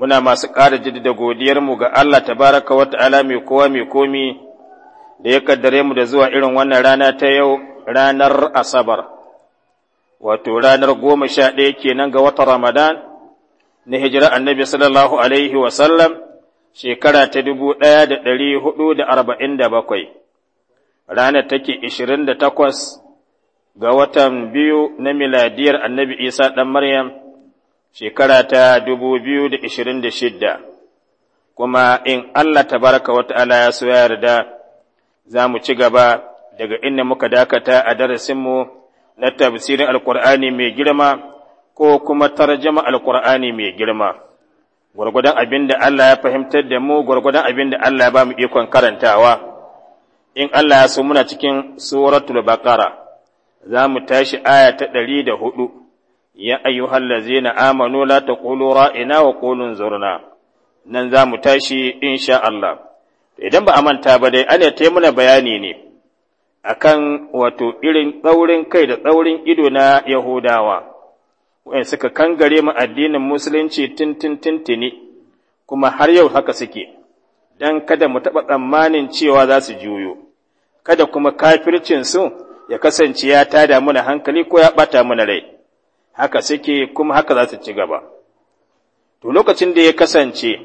muna masu ƙara jaddada godiyarmu ga Allah tabaraka wa ta'ala mai kowa mai komi da ya kaddare mu da zuwa irin wannan rana ta yau ranar asabar wato ranar goma sha ɗaya kenan ga watan ramadan na hijira annabi sallallahu alaihi wa sallam shekara ta dubu ɗaya da ɗari hudu da arba'in da bakwai ranar take ishirin da takwas ga watan biyu na miladiyar annabi isa ɗan maryam shekara ta dubu biyu da da shidda kuma in Allah ta baraka wata ta'ala ya so yarda za mu ci gaba daga inda muka dakata a darasinmu na tafsirin alkur'ani mai girma ko kuma tarjama alkur'ani mai girma gwargwadon abin da Allah ya fahimtar da mu gwargwadon abin da Allah ya ba mu ikon karantawa in Allah ya so muna cikin suratul bakara za mu tashi aya ta ɗari da hudu ya ayyuhal ladzina amanu la taqulu ra'ina wa qulu zurna nan za mu tashi insha Allah idan ba a manta ba dai ana ta mana bayani ne akan wato irin tsaurin kai da tsaurin ido na Yahudawa wa'in suka kangare mu addinin musulunci tintin tintini kuma har yau haka suke dan kada mu taɓa tsammanin cewa za su juyo kada kuma kafircin su ya kasance ya tada mana hankali ko ya ɓata mana rai haka suke kuma haka za su ci gaba to lokacin da ya kasance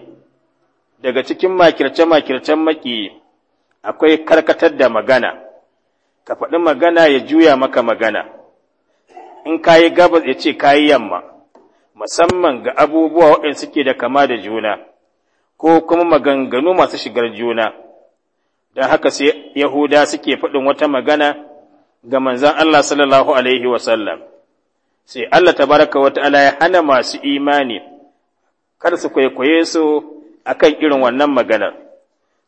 daga cikin makirce-makircen maki akwai karkatar da magana ka faɗi magana ya juya maka magana in ka yi gabas ya ce ka yi yamma musamman ga abubuwa waɗanda suke da kama da juna ko kuma maganganu masu shigar juna don haka sai yahuda suke faɗin wata magana ga manzan Allah sallallahu alaihi wasallam sai Allah tabaraka wa ta'ala ya hana masu imani kar su kwaikwaye su akan irin wannan maganar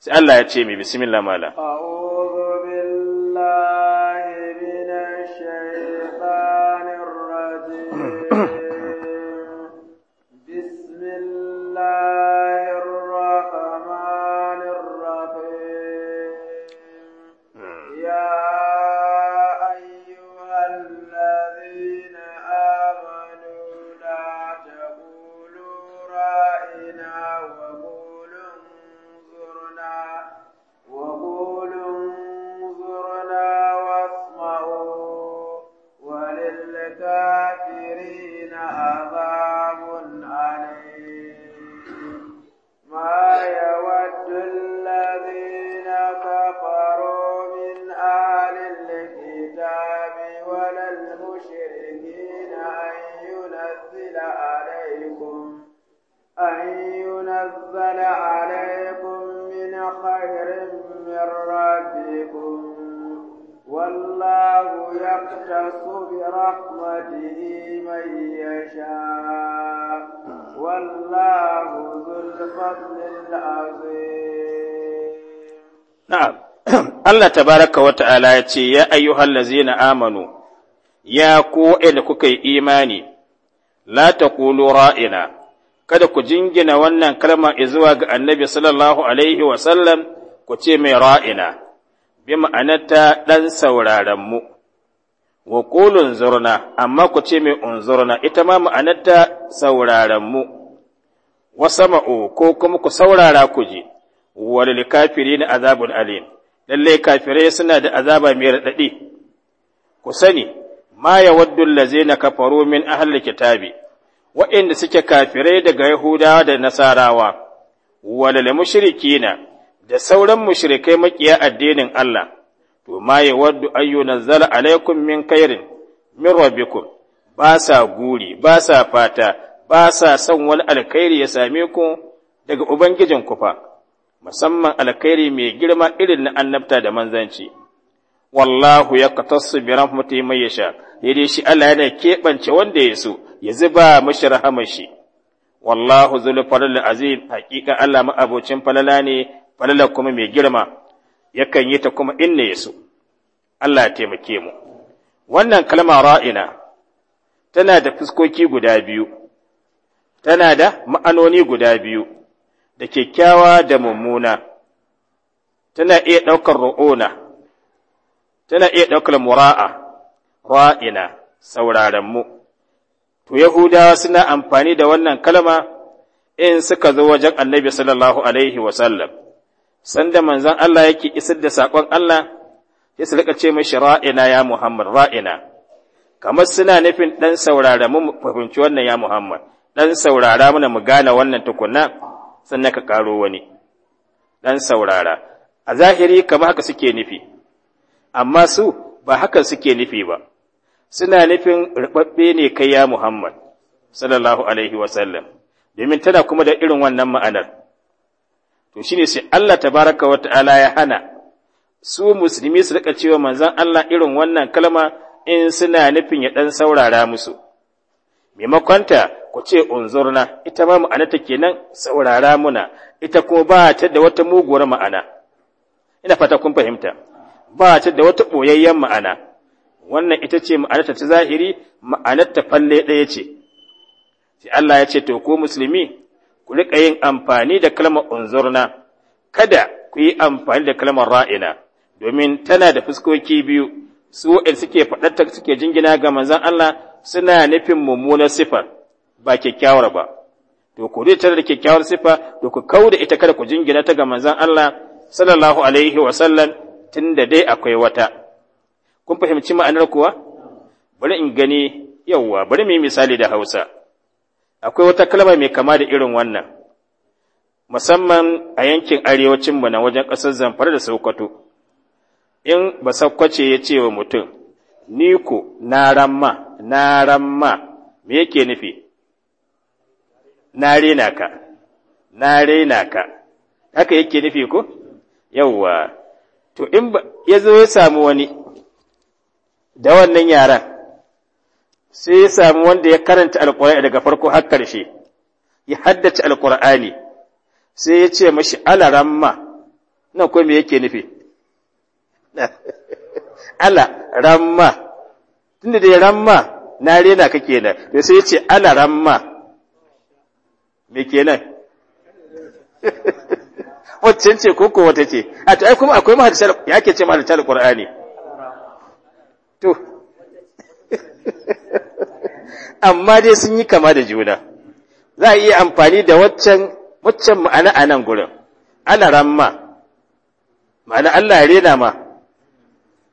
sai Allah ya ce mai bismillah mala عليكم من خير من ربكم والله يختص برحمته من يشاء والله ذو الفضل العظيم نعم Allah baraka wa ta'ala ya ce, Ya ayyuhal lazina amanu, ya ko da kuka yi imani, la ta ra'ina, kada ku jingina wannan kalma izuwa ga annabi sallallahu alaihi wasallam ku ce mai ra'ina, bi ma'anarta ɗan saurarenmu. wa ƙulun zurna, amma ku ce mai unzurna, ita ma ma'anarta saurarenmu. wasa ma'o ko kuma ku saurara ku ji, walil kafiri na azabun alim, lallai kafirai suna da azaba mai raɗaɗi, ku sani, ma yawaddu lazina kafaru min ahli kitabi. waɗanda suke kafirai daga Yahudawa da Nasarawa, walal na? da sauran mushrikai maƙiya addinin Allah, to ma ya waddu ayyu zala alaikum min kairin, min rabbikum, ba sa guri, ba sa fata, ba sa son wani alkhairi ya same ku daga Ubangijin ku fa, musamman alkhairi mai girma irin na annabta da manzanci. Wallahu ya katassu bi rahmatihi mai yasha, shi Allah yana keɓance wanda ya so, ya zuba mashi shi. wallahu zulu falal azim haƙiƙa Allah ma'abocin falala ne falala kuma mai girma yakan yi ta kuma inna yasu Allah ya taimake mu wannan kalma ra'ina tana da fuskoki guda biyu tana da ma'anoni guda biyu da kyakkyawa da mummuna tana iya ɗaukar ru'una tana iya ɗaukar mura'a ra'ina sauraron mu to Yahudawa suna amfani da wannan kalama in suka zo wajen annabi sallallahu alaihi wasallam, sanda manzon Allah yake isar da sakon Allah, ya su rika ce mai ra'ina ya Muhammad, ra'ina, kamar suna nufin ɗan saurara mu fahimci wannan ya Muhammad, ɗan saurara mana mu gane wannan tukunna, sannan ka ƙaro wani, ɗan saurara, a zahiri kamar haka suke nufi, amma su ba haka suke nufi ba. suna nufin rubabbe ne kai ya Muhammad sallallahu alaihi wasallam domin tana kuma da irin wannan ma'anar to shine sai Allah baraka wa ta'ala ya hana su musulmi su rika cewa manzon Allah irin wannan kalma in suna nufin ya ɗan saurara musu maimakonta ku ce unzurna ita ma ta kenan saurara muna ita kuma ba ta da wata muguwar ma'ana ina fata kun fahimta ba ta da wata boyayyen ma'ana wannan ita ce ma'anarta ta zahiri ma'anarta falle ɗaya ce sai Allah ya ce to ko musulmi ku rika yin amfani da kalmar unzurna kada ku yi amfani da kalmar ra'ina domin tana da fuskoki biyu su wa'in suke faɗarta suke jingina ga manzan Allah suna nufin mummunar siffar ba kyakkyawar ba to ku ritar da kyakkyawar sifa to ku kau da ita kada ku jingina ta ga manzan Allah sallallahu alaihi wa sallam tunda dai akwai wata kun fahimci ma'anar kuwa bari in gani yawwa bari mu misali da Hausa akwai wata kalma mai kama da irin wannan musamman a yankin Arewacinmu na wajen ƙasar Zamfara da Sokoto in ba sakkwace ya ce wa mutum ni ku. na ramma na ramma me yake nufi na rena ka na rena ka haka yake nufi ku? yawwa to in ba. ya zo ya samu wani da wannan yaran sai ya samu wanda ya karanta alkur'ani daga farko har ƙarshe ya haddace alkur'ani sai ya ce mashi alaramma na ko me yake nufi ala ramma tunda da ramma na rena ka kenan to sai ya ce ala ramma me kenan wacce ce ko wata ce a to ai kuma akwai mahadisar ya ke ce mahadisar alƙur'ani to amma dai sun yi kama da juna za a iya amfani da waccan waccan ma'ana a nan gurin ana ramma ma'ana Allah ya rena ma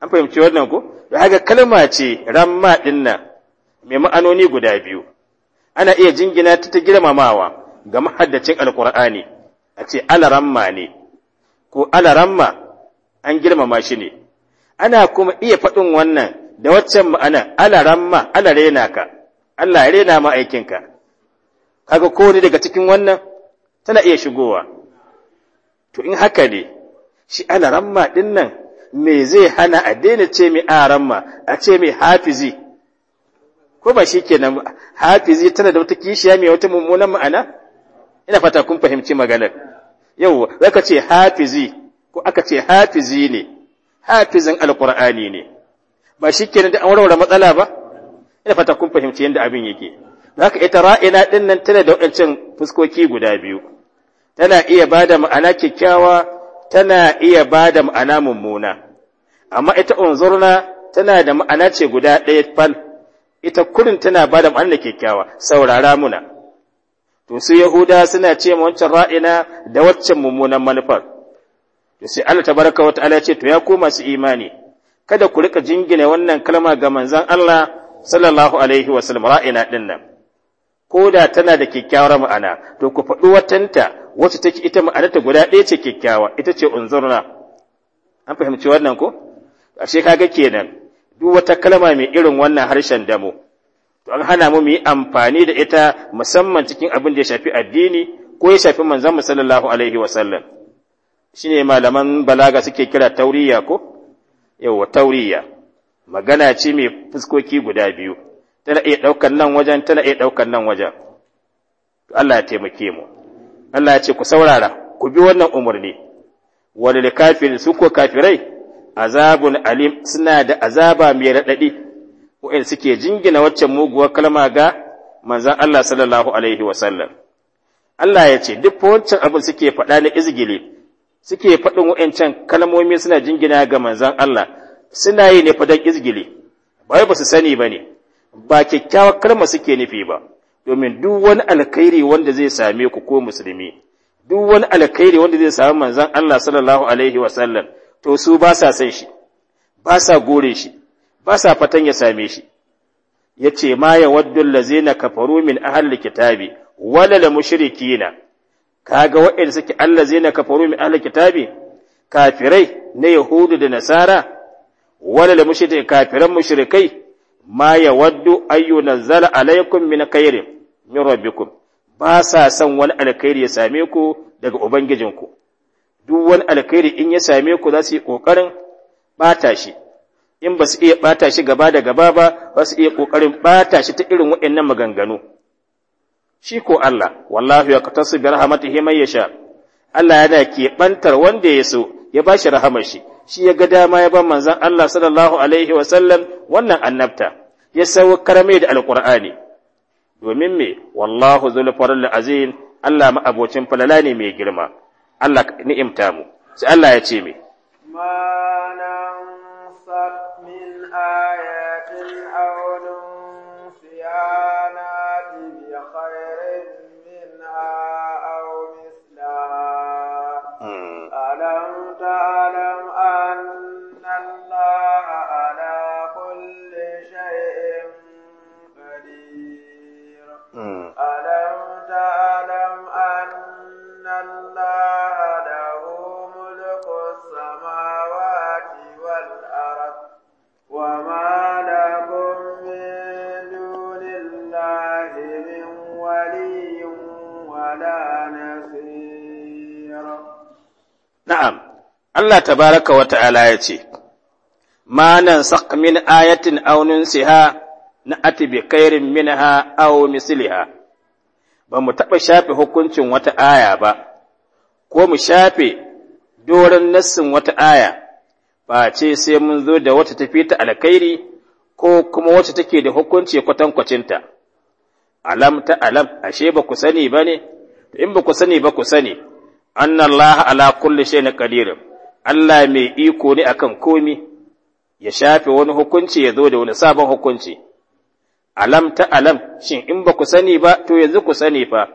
an fahimci wannan ko da haka kalma ce ramma din mai ma'anoni guda biyu ana iya jingina ta ta girmamawa ga mahaddacin alkur'ani a ce ramma ne ko ramma? an girmama shi ne ana kuma iya faɗin wannan da waccan ma'ana ala ramma ala rena ka Allah ya rena ma aikinka kaga ko ne daga cikin wannan tana iya shigowa to in haka ne shi ala ramma din nan me zai hana a daina ce mai ramma a ce mai hafizi ko ba shi kenan hafizi tana da wata kishiya mai wata mummunan ma'ana ina fata kun fahimci maganar yau zaka ce hafizi ko aka ce hafizi ne hafizin alqur'ani ne ba shikenan da an warware matsala ba ina fata kun fahimci yadda abin yake haka ita ra'ina din nan tana da wancan fuskoki guda biyu tana iya bada ma'ana kyakkyawa tana iya bada ma'ana mummuna amma ita unzurna tana da ma'ana ce guda ɗaya fal ita kurin tana bada ma'ana kyakkyawa saurara muna to su yahuda suna ce wancan ra'ina da waccan mummunan manufar to sai Allah tabaraka wa ta'ala ce to ya koma su imani kada ku rika jingina wannan kalma ga manzon Allah sallallahu alaihi wa sallam ra'ina din ko da tana da kyakkyawar ma'ana to ku faɗi watanta wacce take ita ma'anarta guda ɗaya ce kyakkyawa ita ce unzurna an fahimci wannan ko ashe kaga kenan duk wata kalma mai irin wannan harshen damo to an hana mu mu yi amfani da ita musamman cikin abin da ya shafi addini ko ya shafi manzon sallallahu alaihi wa sallam ne malaman balaga suke kira tauriya ko wa tauriya magana ce mai fuskoki guda biyu tana iya ɗaukan nan wajen tana iya ɗaukan nan wajen Allah ya taimake mu Allah ya ce ku saurara ku bi wannan umarni da kafin su ko kafirai azabun alim suna da azaba mai raɗaɗi wa'in suke jingina waccan muguwar kalma ga manzan Allah sallallahu alaihi wasallam Allah ya ce duk wancan abin suke faɗa na izgili suke faɗin wa'ancan kalmomi suna jingina ga manzan Allah suna yi ne izgili ba ba su sani ba ne ba kyakkyawar kalma suke nufi ba domin duk wani alkhairi wanda zai same ku ko musulmi duk wani alkhairi wanda zai sami manzan Allah sallallahu alaihi wa sallam to su ba sa san shi ba sa gore shi ba sa fatan ya same shi yace ma yawaddu lazina kafaru min ahli kitabi wala la mushrikina kaga waɗanda suke Allah zai na kafaru min ahli kitabi kafirai na yahudu da nasara wala da mushrike kafiran mushrikai ma yawaddu ayyu nazala alaikum min khairin min rabbikum ba sa son wani alkhairi ya same ku daga ubangijinku duk wani alkhairi in ya same ku za su yi kokarin bata shi in ba su iya bata shi gaba da gaba ba za su iya kokarin bata shi ta irin waɗannan maganganu shi ko Allah wallahu su bi rahmatihi ya sha) Allah yana keɓantar wanda ya so ya bashi rahamar shi shi ya ga dama ya ban manzon Allah sallallahu alaihi wannan annabta ya sayo mai da alqur'ani domin me wallahu zul fadl azim Allah ma falala ne mai girma Allah ni'imta mu sai Allah ya ce me Allah tabaraka wa ta'ala ya ce, Ma nan min ayatin aunin siha na kairin mini kairin minha aw misliha ba mu taɓa shafe hukuncin wata aya ba, ko mu shafe doron nassin wata aya, ba ce sai mun zo da wata tafi ta alkairi ko kuma wacce take da hukunci kwatankwacinta, alam ta alam, ashe ba ku sani ba ne, in ba ku sani ba ku sani, annan laha ala kulli shi na ƙadirin. Allah mai iko ne akan komi, ya shafe wani hukunci ya zo da wani sabon hukunci, alam ta alam, shin in ba ku sani ba, to yanzu ku sani fa,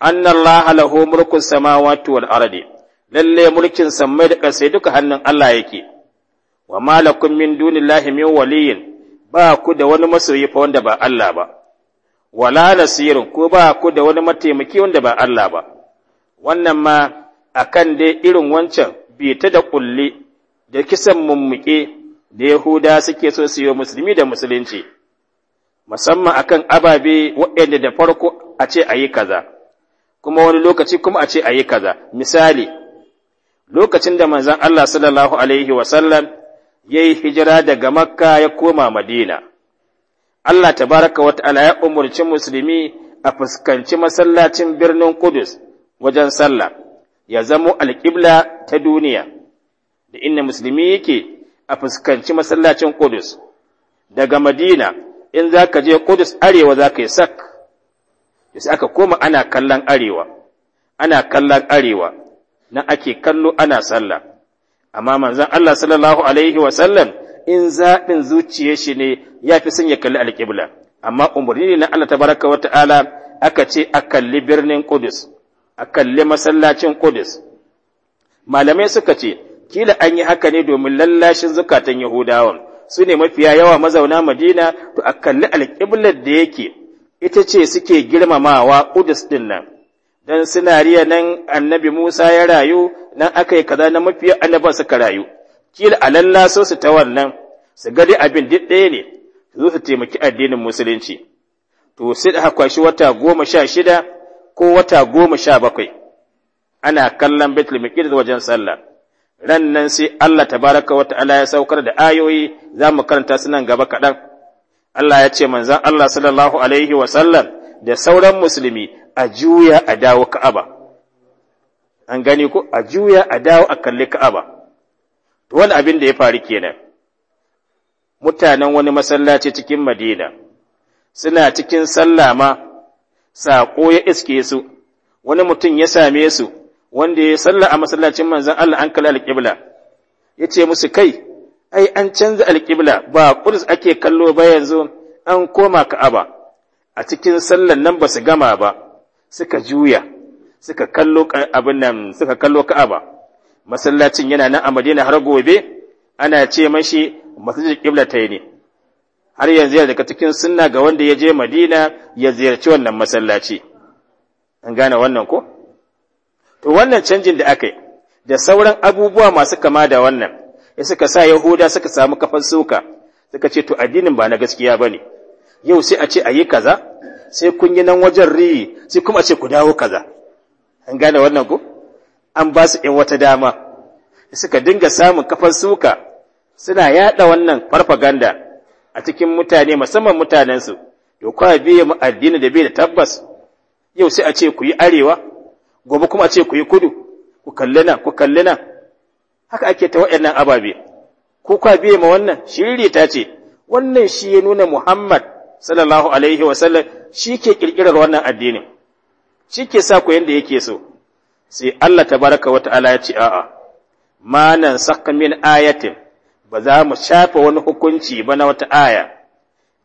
Allah lahu mulkun samawati wal ardi lalle mulkin sammai da ƙasai duka hannun Allah yake, wa malakun min dunillahi min waliyin, ba ku da wani masoyi fa wanda ba Allah ba, wala nasirin ko ba ku da wani mataimaki wanda ba Allah ba, wannan ma akan dai irin wancan bita da kulli da kisan mummuke da Yahuda suke so su yi musulmi da musulunci, musamman akan ababe waɗanda da farko a ce a yi kaza, kuma wani lokaci kuma a ce a yi kaza. Misali, lokacin da manzon Allah sallallahu Alaihi wasallam ya yi hijira daga Makka ya koma Madina, Allah tabaraka wa ta'ala ya umarci musulmi a fuskanci masallacin birnin Kudus wajen sallah. ya zamo alƙibla ta duniya da inda musulmi yake a fuskanci masallacin Qudus daga Madina in za ka je Qudus arewa za ka yi sak sai aka koma ana kallon arewa ana kallon arewa na ake kallo ana sallah amma manzon Allah sallallahu alaihi wa sallam in zaɓin zuciyar shi ne ya fi son ya kalli alƙibla amma umarni ne na Allah Ta baraka wa ta'ala aka ce a kalli birnin Qudus a kalli masallacin Qudus malamai suka ce kila an yi haka ne domin lallashin zukatan Yahudawan su ne mafiya yawa mazauna Madina to a kalli alƙiblar da yake ita ce suke girmamawa Qudus din nan dan suna riya nan annabi Musa ya rayu nan aka yi kaza na mafiya annaban suka rayu kila a lallaso su ta wannan su gadi abin duk ɗaya ne su su taimaki addinin musulunci to sai da wata goma sha shida ko wata goma sha bakwai ana kallon Baitul Maqdis wajen sallah ran nan sai Allah ta baraka wata ta'ala ya saukar da ayoyi za mu karanta su nan gaba kaɗan Allah ya ce manzan Allah sallallahu alaihi wa sallam da sauran musulmi a juya a dawo Ka'aba an gani ko a juya a dawo a kalli Ka'aba to wani abin da ya faru kenan mutanen wani masallaci cikin Madina suna cikin sallama. saƙo ya iske su wani mutum ya same su wanda ya salla a masallacin manzon Allah an kalli alƙibla ya ce musu kai ai an canza alƙibla ba ƙudus ake kallo ba yanzu an koma Ka'aba a cikin sallan nan ba su gama ba suka juya suka kallo abin nan suka kallo Ka'aba masallacin yana nan a Madina har gobe ana ce mashi masallacin ƙibla ta yi ne har yanzu yana daga cikin sunna ga wanda ya je Madina ya ziyarci wannan masallaci an gane wannan ko to wannan canjin da aka yi da sauran abubuwa masu kama da wannan ya suka sa Yahuda suka samu kafan suka suka ce to addinin ba na gaskiya bane yau sai a ce ayi kaza sai kun yi nan wajen riyi sai kuma a ce ku dawo kaza an gane wannan ko an ba su in wata dama suka dinga samun kafan suka suna yada wannan farfaganda a cikin mutane musamman mutanensu to kwa biye mu da bai da tabbas yau sai a ce ku yi arewa gobe kuma a ce ku yi kudu ku kalli nan ku kalli nan haka ake ta waɗannan ababe ku kwa biya ma wannan shiriri ta ce wannan shi ya nuna Muhammad sallallahu alaihi wa sallam shi ke kirkirar wannan addinin shi ke sa ku yanda yake so sai Allah tabaraka wata ala ya ce a'a ma nan min ayatin ba za mu shafa wani hukunci ba na wata aya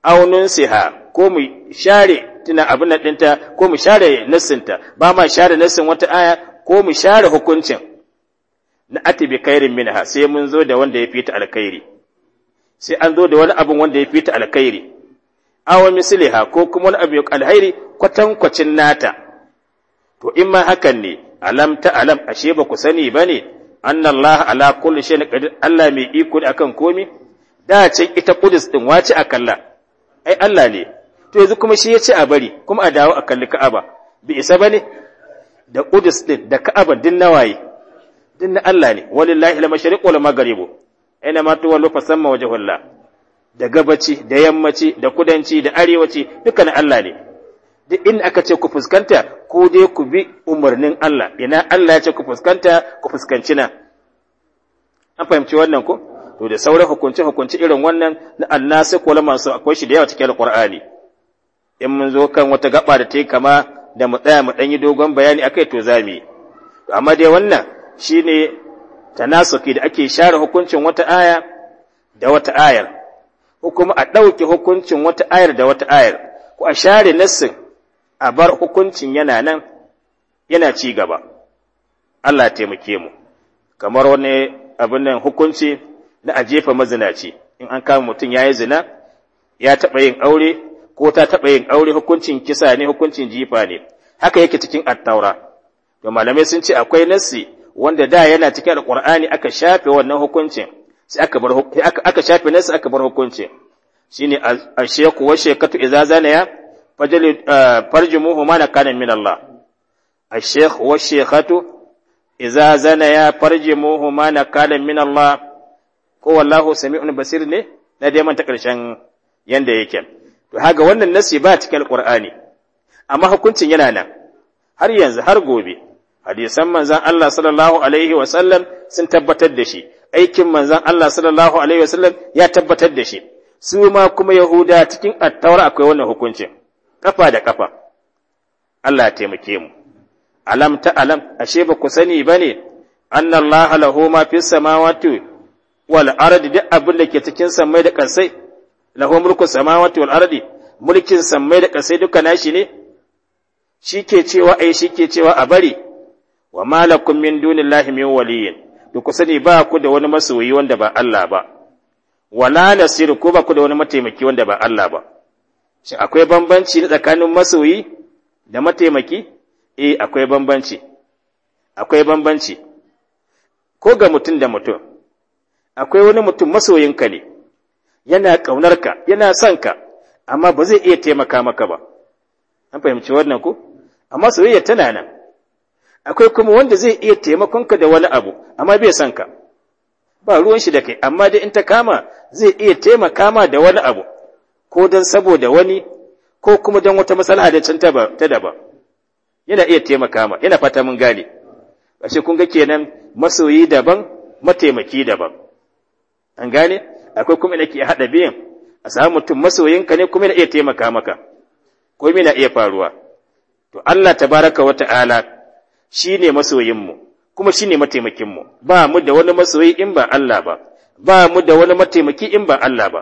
aunun siha ko mu share tuna abin nan ɗinta ko mu share nassinta ba ma share nassin wata aya ko mu share hukuncin na atibi kairin minha sai mun zo da wanda ya fita alkhairi sai an zo da wani abin wanda ya fita alkhairi awa misliha ko kuma wani abu alkhairi kwatankwacin nata to in ma hakan ne alam ta alam ashe ba ku sani bane Allah ala kulli shay'in qadir Allah mai iko da akan komi da ce ita Qudus din wace a ai Allah ne to yanzu kuma shi ya ce a bari kuma a dawo a kalli Ka'aba bi isa bane da Qudus din da Ka'aba din nawaye din na Allah ne walillahi al-mashriq wal maghrib aina ma tuwallu fasamma wajhullah da gabaci da yammaci da kudanci da arewaci dukkan Allah ne duk in aka ce ku fuskanta ko dai ku bi umarnin Allah ina Allah ya ce ku fuskanta ku fuskanci na an fahimci wannan ko to da sauran hukunci hukunci irin wannan na annasi ko masu akwai shi da yawa cikin alqur'ani in mun zo kan wata gaba da ta yi kama da mu tsaya mu dan yi dogon bayani akai to zami amma dai wannan shine tanasuki da ake share hukuncin wata aya da wata ayar ko kuma a ɗauke hukuncin wata ayar da wata ayar ko a share nassin a bar hukuncin yana nan yana ci gaba Allah taimake mu kamar wani abin nan hukunci na a jefa mazinaci in an kama mutum ya yi zina ya taɓa yin aure ko ta taɓa yin aure hukuncin kisa ne hukuncin jifa ne haka yake cikin attaura to malamai sun ce akwai nassi wanda da yana cikin qur'ani aka shafe wannan hukuncin sai aka bar aka shafe nassi aka bar hukuncin shine asheku wa shekatu idza zanaya farjumuhu ma na kanin min Allah الشيخ والشيخة إذا زنيا فرجموه ما نكالا من الله ko wallahu sami'un basir ne na dai ta karshen yanda yake to haga wannan nasi ba cikin alqur'ani amma hukuncin yana nan har yanzu har gobe hadisan manzon Allah sallallahu alaihi wasallam sun tabbatar da shi aikin manzon Allah sallallahu alaihi wasallam ya tabbatar da shi su ma kuma yahuda cikin attawar akwai wannan hukuncin kafa da kafa Allah ya taimake mu alam ta alam ashe ba ku sani bane annallaha lahu ma fi samawati wal ardi duk abin da ke cikin samai da kansai lahu mulku samawati wal ardi mulkin samai da kansai duka nashi ne shi ke cewa ai eh, shi ke cewa a bari wa malakum min dunillahi min waliyin duk ku sani ba ku da wani masoyi wanda ba Allah ba wala nasiru ko ba ku da wani mataimaki wanda ba Allah ba Shin akwai bambanci na tsakanin masoyi da mataimaki? Eh, akwai bambanci, akwai bambanci, ko ga mutum da mutum, akwai wani mutum masoyinka ne, yana ƙaunarka, yana son ka, amma ba zai iya taimaka maka ba. An fahimci wannan ku? Amma soyayya tana nan, akwai kuma wanda zai iya taimakonka da wani abu, amma bai son ka, ba ruwan shi da kai, amma dai in ta kama zai iya taimaka ma da wani abu, ko don saboda wani ko kuma don wata matsala da can ta daban yana iya taimaka ma yana fata mun gane ashe kun ga kenan masoyi daban mataimaki daban an gane akwai kuma ina ke haɗa biyan a samu mutum masoyinka ne kuma yana iya taimaka maka ko yana iya faruwa to Allah tabaraka wa ta'ala shine masoyinmu kuma shine mataimakinmu ba mu da wani masoyi in ba Allah ba ba mu da wani mataimaki in ba Allah ba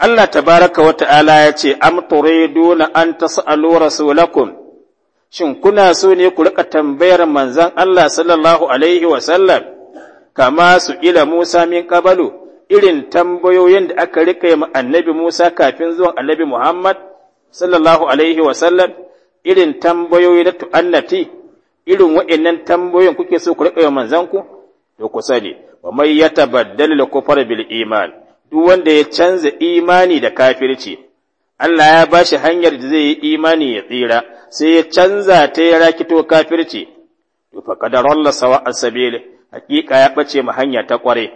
Allah tabaraka wa ta'ala ya ce, Am turiduna an tas'alu rasulakum, shin kuna so ne ku riƙa tambayar manzan Allah sallallahu Alaihi wasallam, kama su ila Musa min ƙabalu, irin tambayoyin da aka riƙa yi annabi Musa kafin zuwan annabi Muhammad sallallahu Alaihi wasallam, irin tambayoyi na tu'annati, irin wa'innan tambayoyin kuke so ku riƙa yi manzanku, to ku sani, wa mai ya tabaddal da kufar bil iman. duk wanda ya canza imani da kafirci Allah ya bashi hanyar da zai yi imani ya tsira sai ya canza ta ya rakito kafirci to fa qadarallahu sawa as haƙiƙa hakika ya bace mu hanya ta kware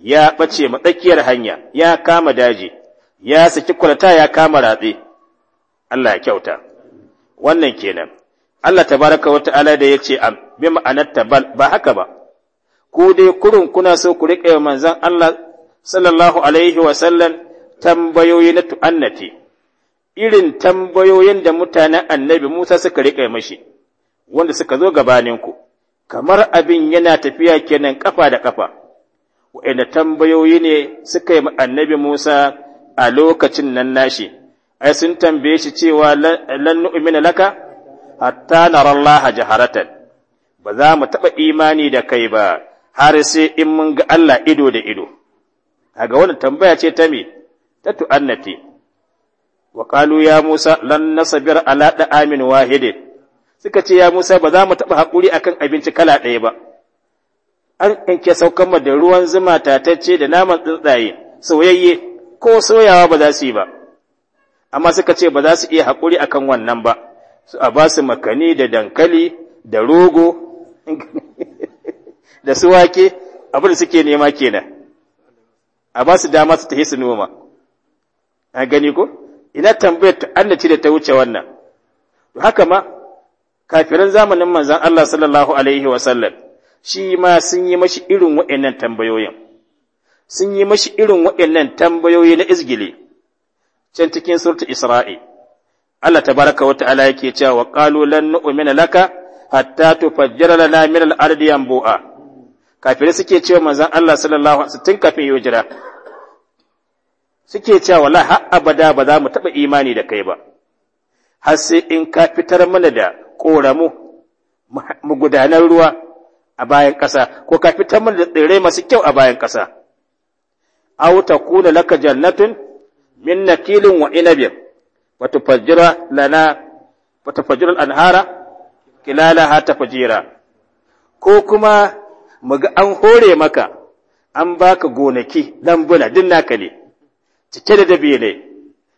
ya bace mu tsakiyar hanya ya kama daji ya saki kwalata ya kama ratse Allah ya kyauta wannan kenan Allah ta tabaraka wa ta'ala da yace am bi ma'anar bal, ba haka ba ku dai kurun kuna so ku riƙe manzon Allah sallallahu alaihi wasallam tambayoyi na tu'annati. irin tambayoyin da mutanen annabi Musa suka riƙa mashi wanda suka zo gabaninku kamar abin yana tafiya kenan kafa da kafa wa'inda tambayoyi ne suka yi annabi Musa a lokacin nan nashi ai sun tambaye shi cewa lan nu'mina laka hatta nara Allah jaharatan ba za mu taɓa imani da kai ba har sai in mun ga Allah ido da ido aga wannan tambaya ce ta me ta tu'annati wa qalu ya Musa lan nasbir ala da'amin wahidin suka ce ya Musa ba za mu taba hakuri akan abinci kala ɗaya ba an kanke saukan da ruwan zuma tatacce da naman tsuntsaye soyayye ko soyawa ba za su yi ba amma suka ce ba za su iya hakuri akan wannan ba su a ba su makani da dankali da rogo da su wake abin da suke nema kenan a ba su dama su tafi su noma a gani ko ina tambayar ce da ta wuce wannan to haka ma kafiran zamanin manzon Allah sallallahu alaihi wa sallam shi ma sun yi mashi irin waɗannan tambayoyin sun yi mashi irin waɗannan tambayoyi na izgili can cikin surtu Isra'i Allah tabaraka wa ta'ala yake cewa qalu lan nu'mina laka hatta tufajjara lana min al-ardi yanbu'a kafirai suke cewa manzon Allah sallallahu alaihi wasallam kafin yi hijira suke cewa wala har abada ba za mu taɓa imani da kai ba har sai in ka fitar mana da ƙoramu magudanar ruwa a bayan ƙasa ko ka fitar mana da tsirrai masu kyau a bayan ƙasa aw takuna laka jannatun min nakilin wa inabin wa tufajjira lana wa tufajjira al-anhara kilalaha tafjira ko kuma muga an hore maka an baka gonaki lambuna duk naka ne cike da dabile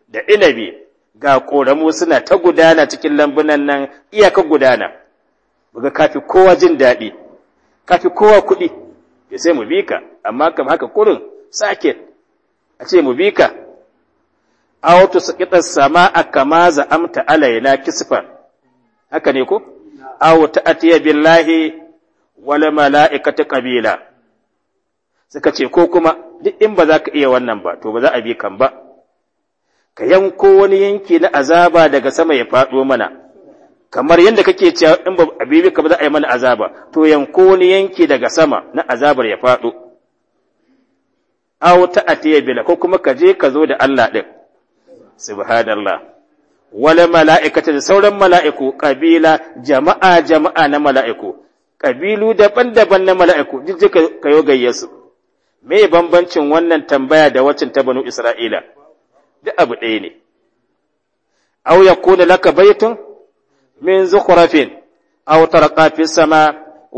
da inabi ga koramu suna ta gudana cikin lambunan nan iyaka gudana maga kafi kowa jin daɗi kafi kowa kuɗi ya sai mu bika amma kam haka kurin sake a ce mu bika aw sama a kama za'amta alaina kisfan haka ne ko aw atiya billahi wala mala'ikata kabila suka ce ko kuma duk in ba za ka iya wannan ba to ba za a bi kan ba ka yanko wani yanki na azaba daga sama ya faɗo mana kamar yadda kake cewa in ba a bi ka ba za a yi mana azaba to yanko wani yanki daga sama na azabar ya faɗo aw ta atiya bila ko kuma ka je ka zo da Allah din subhanallah wala mala'ikata da sauran mala'iku kabila jama'a jama'a na mala'iku Kabilu daban-daban na mala'iku duk ka yo me bambancin wannan tambaya da wacin ta banu isra'ila duk abu ɗaya ne ya kuna laka baitun min zukurafin, au tarqa fi sama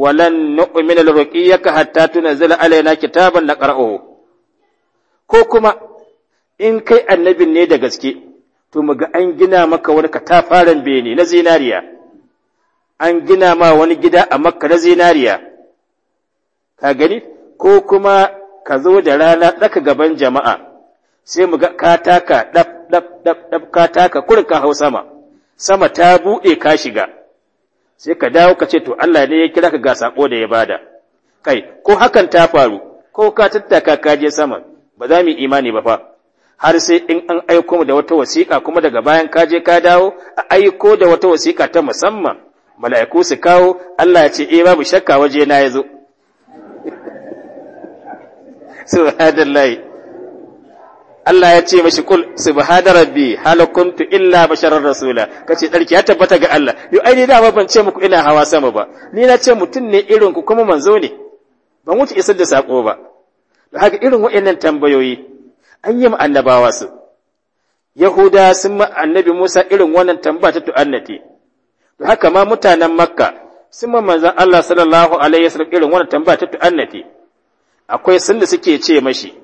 walan ya lirqiyaka hatta tunzila alaina kitaban naqra'uhu ko kuma in kai annabin ne da gaske to mu ga an gina maka wani katafaren bene na zinariya an gina ma wani gida a makka na zinariya ka gani ko kuma ka zo da rana ɗaka gaban jama'a sai mu ga ka taka ɗaf ɗaf ɗaf ɗaf ka kurin hau sama sama ta buɗe ka shiga sai ka dawo ka ce to Allah ne ya kira ka ga sako da ya bada kai ko hakan ta faru ko ka tattaka ka je sama ba za mu imani ba fa har sai in an aiko mu da wata wasiƙa kuma daga bayan ka je ka dawo a aiko da wata wasiƙa ta musamman mala'iku su kawo Allah ya ce “E, babu shakka waje na ya zo. Su hadar layi. Allah ya ce mashi kul hadar rabbi halakuntu illa basharar rasula ka ce ɗarki ya tabbata ga Allah Yau aini da ban ce muku ina hawa sama ba ni na ce mutum ne irin ku kuma manzo ne ban wuce isar da sako ba da haka irin waɗannan tambayoyi an yi annabawa su Yahuda sun ma annabi Musa irin wannan tambaya ta tu'annati haka ma mutanen makka sun manzan Allah sallallahu alaihi wasallam irin wannan tambaya ta tu'annati akwai sun da suke ce mashi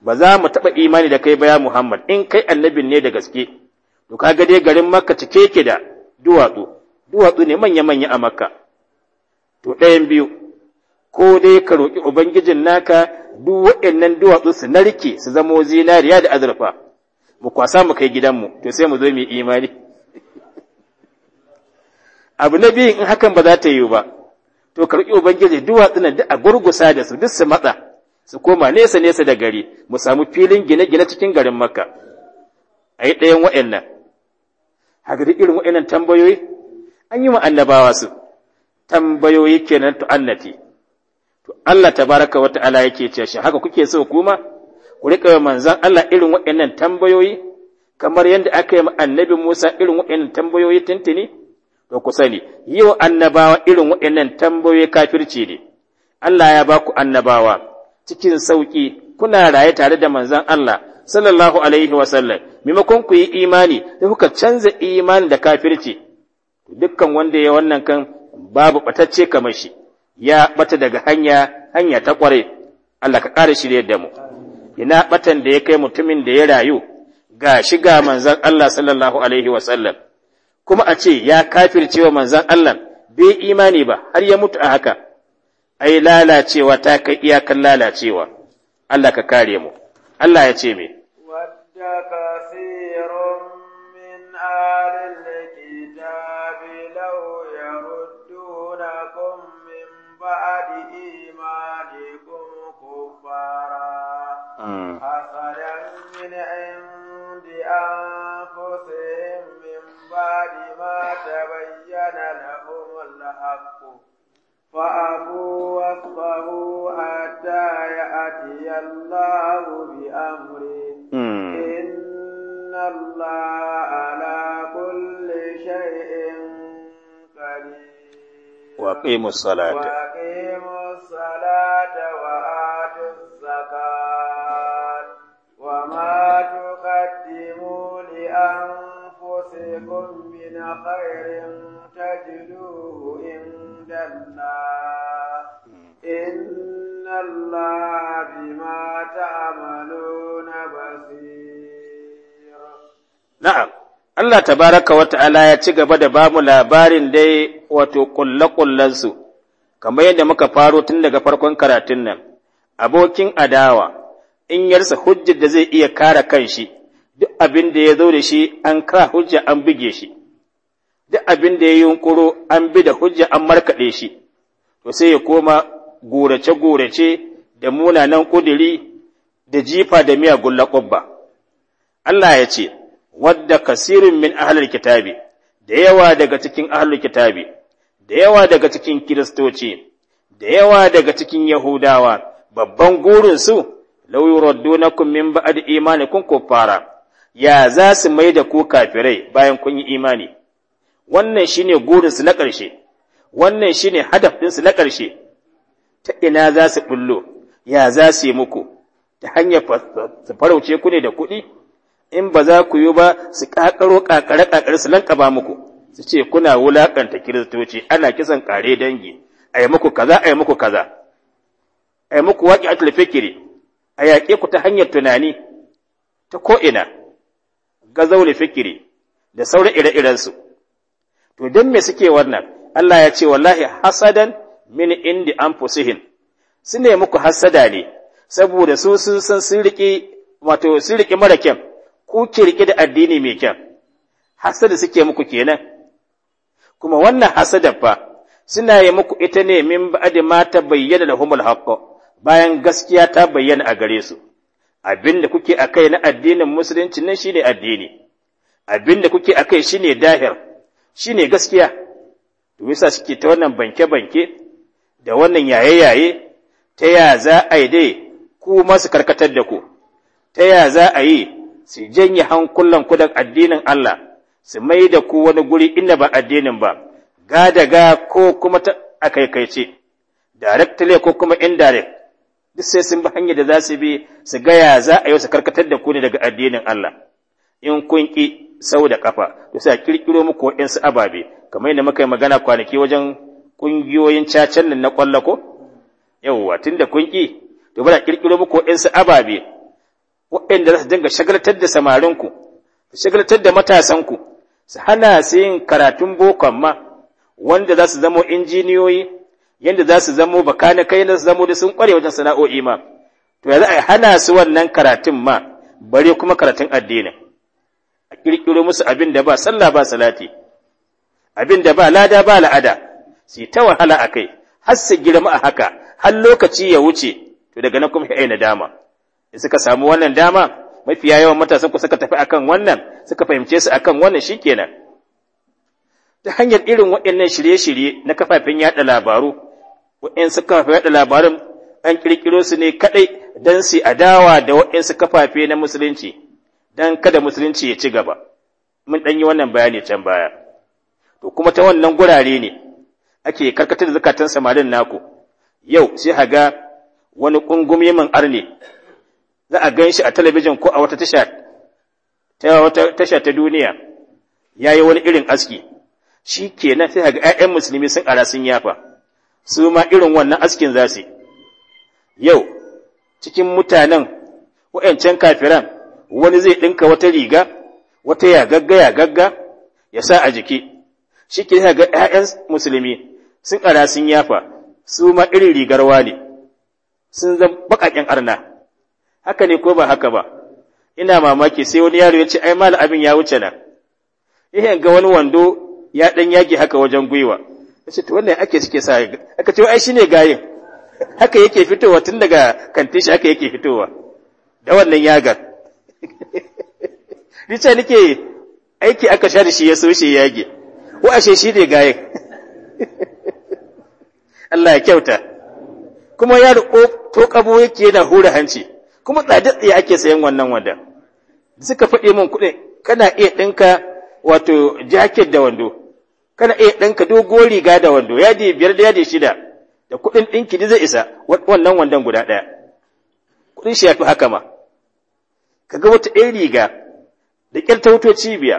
ba za mu taɓa imani da kai baya ya Muhammad in kai annabin ne da gaske to kaga dai garin makka cike ke da duwatsu duwatsu ne manya manya a makka to ɗayan biyu ko dai ka roƙi ubangijin naka duk waɗannan duwatsu su narke su zamo zinariya da azurfa mu kwasa mu kai gidanmu to sai mu zo mu yi imani abu na biyu in hakan ba za ta yiwu ba to karɓi ubangiji duwatsu da a gurgusa da su duk su matsa su koma nesa nesa da gari mu samu filin gine-gine cikin garin makka a yi ɗayan wa'annan haka da irin wa'annan tambayoyi an yi annabawa su tambayoyi kenan to annafi to Allah tabaraka wa ta'ala yake ce shi haka kuke so kuma ku riƙa yi manzon Allah irin wa'annan tambayoyi kamar yadda aka yi annabi Musa irin wa'annan tambayoyi tuntuni to ku sani yau annabawa irin waɗannan tambayoyi kafirci ne Allah ya ba ku annabawa cikin sauki kuna raye tare da manzon Allah sallallahu alaihi wa sallam maimakon ku yi imani sai kuka canza imani da kafirci dukkan wanda ya wannan kan babu batacce kamar shi ya bata daga hanya hanya ta kware Allah ka ƙara shirye da mu ina batan da ya kai mutumin da ya rayu ga shiga manzon Allah sallallahu alaihi wa sallam kuma a ce ya kafirce cewa manzan Allah bai imani ba har ya mutu a haka ai lalacewa ta kai iyakan lalacewa Allah ka kare mu Allah ya ce me wadda وأقيموا الصلاة وأقيموا الصلاة وآتوا الزكاة وما تقدموا لأنفسكم من خير تجدوه عند الله إن الله بما تعملون بصير نعم Allah tabaraka wa ta'ala ya ci gaba da bamu labarin dai wato ƙulle-ƙullensu, kamar yadda muka faro tun daga farkon karatun nan, abokin adawa, in yarsa hujjar da zai iya kare kanshi, duk abin da ya zo da shi an kara hujja an buge shi, duk abin da ya yunkuro an bi da hujja an markaɗe shi, to sai ya koma gorace-gorace da munanan ƙudiri da jifa da miyagun laƙwabba. Allah ya ce, wadda kasirin min ahalar kitabi, da yawa daga cikin ahalar kitabi, da yawa daga cikin kiristoci da yawa daga cikin yahudawa babban gurinsu lauyuraddu na ba ba'ad imani kun fara, ya za su mai da ku kafirai bayan kun yi imani wannan shi shine gurinsu na ƙarshe wannan shi ne hadafinsu na ƙarshe ta ina za su ɓullo ya za su yi muku ta hanyar su farauce ku ne da kuɗi in ba za ku yi ba su ƙaƙaro ƙaƙare ƙaƙare su lanƙaba muku su ce kuna wulaƙanta kiristoci ana kisan ƙare dangi a yi muku kaza a yi muku kaza a yi muku waƙi a fikiri a yaƙe ku ta hanyar tunani ta ko'ina zaune fikiri da sauran ire-irensu to don me suke wannan Allah ya ce wallahi hasadan min indi fusihin su ne muku hasada ne saboda su sun san sun riƙi wato sun riƙi mara kyan ku ki riƙe da addini mai kyan hasada suke muku kenan kuma wannan hasada fa suna yi muku ita ne min ba'adi ma ta bayyana da humul haqqo bayan gaskiya ta bayyana a gare su abinda kuke akai na addinin musulunci nan shine addini abinda kuke akai shine dahir shine gaskiya to yasa suke ta wannan banke banke da wannan yaye yaye ta ya za a yi dai ku masu karkatar da ku ta ya za a yi su janye hankulan ku da addinin Allah su mai da ku wani guri inda ba addinin ba ga ga ko kuma ta akaikaice directly ko kuma indirect duk sai sun bi hanyar da za su bi su gaya za a yi su karkatar da ku ne daga addinin Allah in kun ƙi sau da ƙafa, to sai ƙirƙiro muku waɗansu ababe kamar yadda muka yi magana kwanaki wajen ƙungiyoyin cacen nan na ƙwallo ko yawwa tun da kun ƙi, to bana ƙirƙiro muku waɗansu ababe waɗanda za su dinga shagaltar da samarinku shagaltar da matasanku su hana su yin karatun bokon ma wanda za su zamo injiniyoyi yadda za su zamo bakanikai na su zamo da sun kware wajen sana'o'i ma to yanzu a hana su wannan karatun ma bare kuma karatun addini a kirkiro musu abin da ba sallah ba salati abin da ba lada ba la'ada su ta wahala a kai har su girma a haka har lokaci ya wuce to daga nan kuma ya dama in suka samu wannan dama mafiya yawan matasan ku suka tafi akan wannan suka fahimce su akan wannan shi kenan ta hanyar irin waɗannan shirye-shirye na kafafen yaɗa labaru waɗansu kafafen yaɗa labarun an ƙirƙiro su ne kaɗai don su adawa da waɗansu kafafe na musulunci don kada musulunci ya ci gaba mun ɗan yi wannan bayani can baya to kuma ta wannan gurare ne ake karkatar da zukatan samarin naku yau sai haga wani ƙungumimin arne za a gan shi a talabijin ko a wata tasha ta wata tasha ta duniya ya yi wani irin aski shi ke kenan sai ga 'ya'yan musulmi sun ara sun yafa su ma irin wannan askin za su yau cikin mutanen wa'yancan kafiran wani zai ɗinka wata riga wata ya gagga ya sa a jiki shi ke ga 'ya'yan musulmi sun ara sun yafa su ma irin rigar wani sun zan baƙaƙen arna haka ne ko ba haka ba ina mamaki sai wani yaro ya ce ai mal abin ya wuce nan ihe ga wani wando ya dan yage haka wajen gwiwa sai to wannan ake suke sa aka ce ai shine gayin haka yake fitowa tun daga kantin shi haka yake fitowa da wannan yagar Rica nake aiki aka sha da shi ya so shi yage wa ashe shi ne gayin Allah ya kyauta kuma yaro to kabo yake yana hura hanci kuma tsaye ake sayan wannan wanda suka faɗi min kuɗin kana iya ɗinka wato jaket da wando kana iya ɗinka dogo riga da wando yadi biyar da yadi shida da kuɗin ɗinki da zai isa wannan wandan guda ɗaya kuɗin shi ya fi haka ma kaga wata ɗaya riga da ƙyar ta wuto cibiya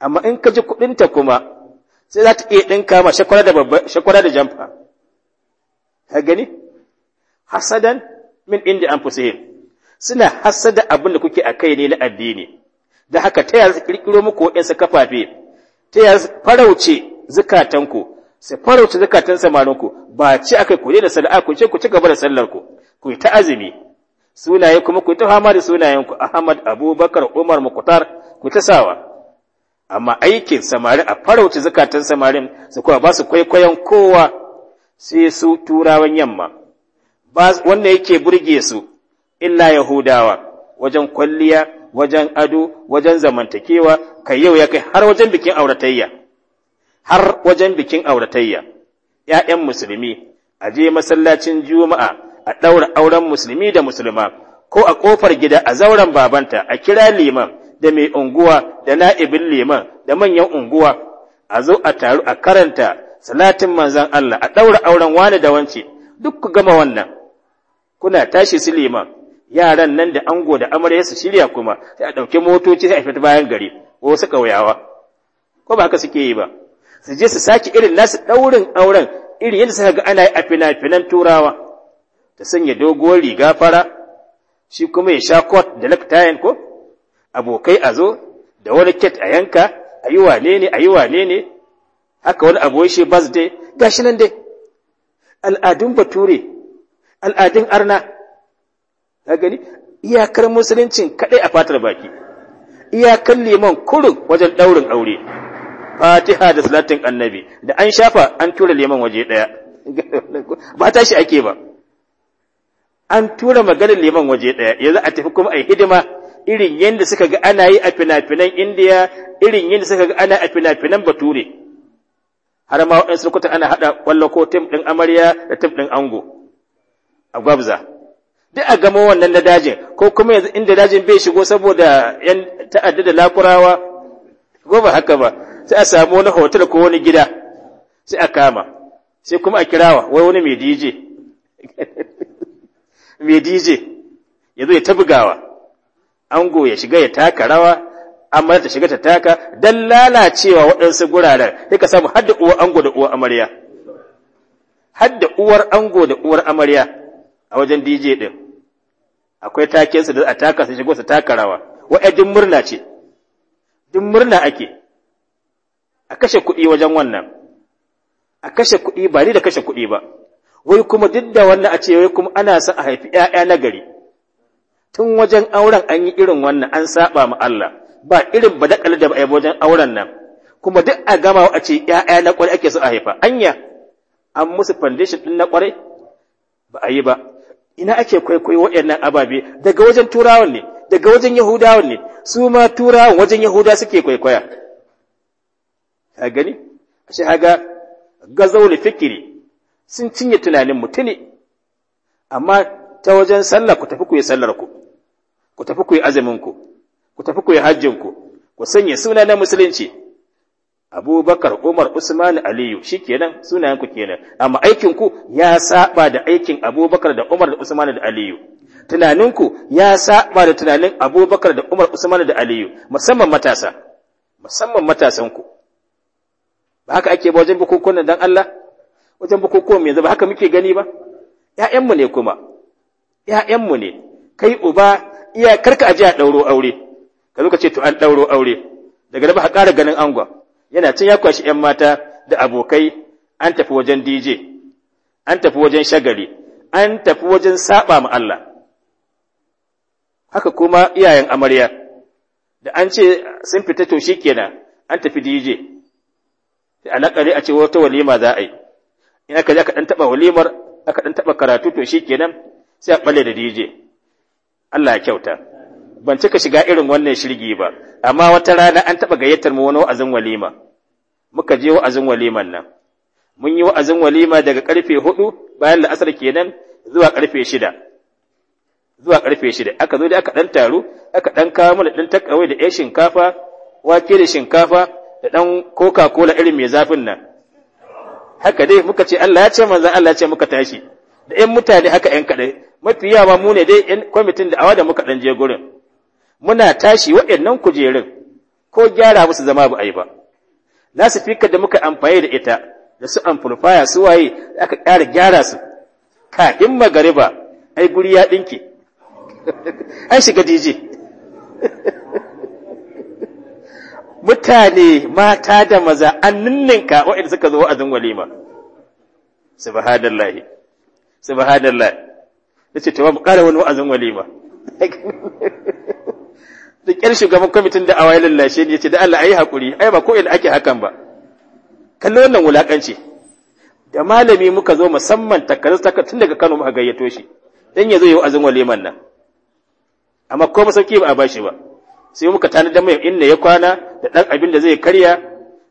amma in ka ji kuɗinta kuma sai za ta iya ɗinka ma shakwara da jamfa. Ka gani? Hasadan min inda an fusihin. suna hasada abin da kuke a kai ne na addini da haka ta yanzu kirkiro muku waɗansu kafafe ta yanzu farauce zukatanku su farauce zukatan samarinku ba ci aka ku da sana'a ku ce ku ci gaba da sallar ku ku ta azumi sunaye kuma ku ta fama da sunayenku Ahmad Abubakar Umar Mukhtar ku ta sawa amma aikin samari a farauce zukatan samarin su kuma ba su kwaikwayon kowa sai su turawan yamma wannan yake burge su illa yahudawa wajen kwalliya wajen ado wajen zamantakewa kai yau ya kai har wajen bikin auratayya har wajen bikin auratayya ‘ya'yan musulmi a je masallacin juma'a a ɗaura auren musulmi da musulma ko a ƙofar gida a zauren babanta a kira liman da mai unguwa da na'ibin liman da manyan unguwa a zo a taru a karanta salatin manzan Allah a ɗaura auren wani da wance duk ku gama wannan kuna tashi su liman yaran nan da ango da amarya su shirya kuma sai a ɗauki motoci sai a fita bayan gari ko su ƙauyawa ko ba haka suke yi ba su je su sake irin nasu ɗaurin auren irin yadda suka ga ana yi a fina-finan turawa ta sanya doguwar riga fara shi kuma ya sha kot da laktayan ko abokai a zo da wani ket a yanka a yi wane ne a yi wane ne haka wani abu shi birthday gashi nan dai al'adun bature al'adun arna ka gani iyakar musuluncin kadai a fatar baki iyakar liman kurun wajen daurin aure fatiha da salatin annabi da an shafa an tura liman waje daya ba ta shi ake ba an tura maganar liman waje daya yanzu a tafi kuma a hidima irin yadda suka ga ana yi a fina-finan indiya irin yadda suka ga ana a fina-finan bature har ma waɗansu lokutan ana haɗa ƙwallo ko tim ɗin amarya da tim ɗin ango a gwabza duk a gama wannan na dajin ko kuma yanzu inda dajin bai shigo saboda yan ta'adda da lakurawa ko ba haka ba sai a samu wani hotel ko wani gida sai a kama sai kuma a kirawa wai wani mai DJ mai DJ ya zo ya ta bugawa ango ya shiga ya taka rawa amarya ta shiga ta taka don lalacewa waɗansu guraren sai ka samu hadda uwar ango da uwar amarya hadda uwar ango da uwar amarya a wajen DJ ɗin, akwai takensu da a taka su shigo su taka rawa, wa'ya duk murna ce, duk murna ake, a kashe kuɗi wajen wannan, a kashe kuɗi ba ni da kashe kuɗi ba, wai kuma duk da wannan a ce wai kuma ana son a haifi ‘ya'ya na gari, tun wajen auren an yi irin wannan an saɓa ma Allah, ba irin ba da ba a wajen auren nan, kuma duk a gama a ce ‘ya'ya na ƙwarai ake so a haifa, anya, an musu foundation ɗin na ƙwarai, ba a yi ba ina ake kwaikwayo waɗannan ababe daga wajen turawan ne daga wajen yahudawan ne su ma turawan wajen yahuda suke kwaikwaya a gani ashe haga gazaul fikiri sun cinye tunanin mutune amma ta wajen sallah ku tafi ku yi sallar ku ku tafi ku yi azumin ku tafi ku yi hajjin ku ku sanya suna na musulunci abubakar umar usman aliyu shi kenan sunayenku kenan amma aikinku ya saba da aikin abubakar da umar da usman da aliyu tunaninku ya saba da tunanin abubakar da umar usman da aliyu musamman matasa musamman matasanku ba haka ake ba wajen bukukunan dan Allah wajen bukukuwan mai ba haka muke gani ba ‘ya'yanmu ne kuma ‘ya'yanmu ne kai uba iya karka aje a ɗauro aure ka zo ce to an ɗauro aure daga da ba ka ƙara ganin angon yana cin ya kwashi ‘yan mata da abokai an tafi wajen DJ, an tafi wajen shagali, an tafi wajen saɓa ma Allah. Haka kuma iyayen amarya, da an ce sun fita to shi kenan an tafi DJ, sai alaƙari a ce wata walima za a yi, in aka ji aka ɗan taɓa walimar, aka ɗan taɓa karatu to shi kenan sai a ɓalle da DJ. Allah ya kyauta. ban cika shiga irin wannan shirgi ba amma wata rana an taɓa gayyatar mu wani wa'azin walima muka je wa'azin waliman nan mun yi wa'azin walima daga karfe hudu bayan la'asar kenan zuwa karfe shida zuwa karfe shida aka zo da aka ɗan taru aka ɗan kawo mana ɗan takawai da ɗan shinkafa wake da shinkafa da ɗan coca cola irin mai zafin nan haka dai muka ce Allah ya ce manzan Allah ya ce muka tashi da ‘yan mutane haka ‘yan kaɗai mafi yawa mu ne dai ‘yan kwamitin da awa da muka ɗan je gurin muna tashi waɗannan kujerun ko gyara musu zama ba a yi ba na speaker da muka amfani da ita da su amplifier su waye aka ƙara gyara su kafin magariba ai guri ya ɗinke an shiga dj mutane mata da maza an ninninka waɗanda suka zo wa'azin walima subhanallahi subhanallahi nace to ba mu ƙara wani wa'azin walima da ƙyar shugaban kwamitin da awaye lallashe ne ya ce da Allah ayi hakuri ai ba ko ina ake hakan ba kalli wannan wulakanci da malami muka zo musamman takarar tun daga Kano muka gayyato shi dan ya zo yau azin waliman nan amma ko masauki ba a bashi ba sai muka tani da mai inda ya kwana da dan abin da zai karya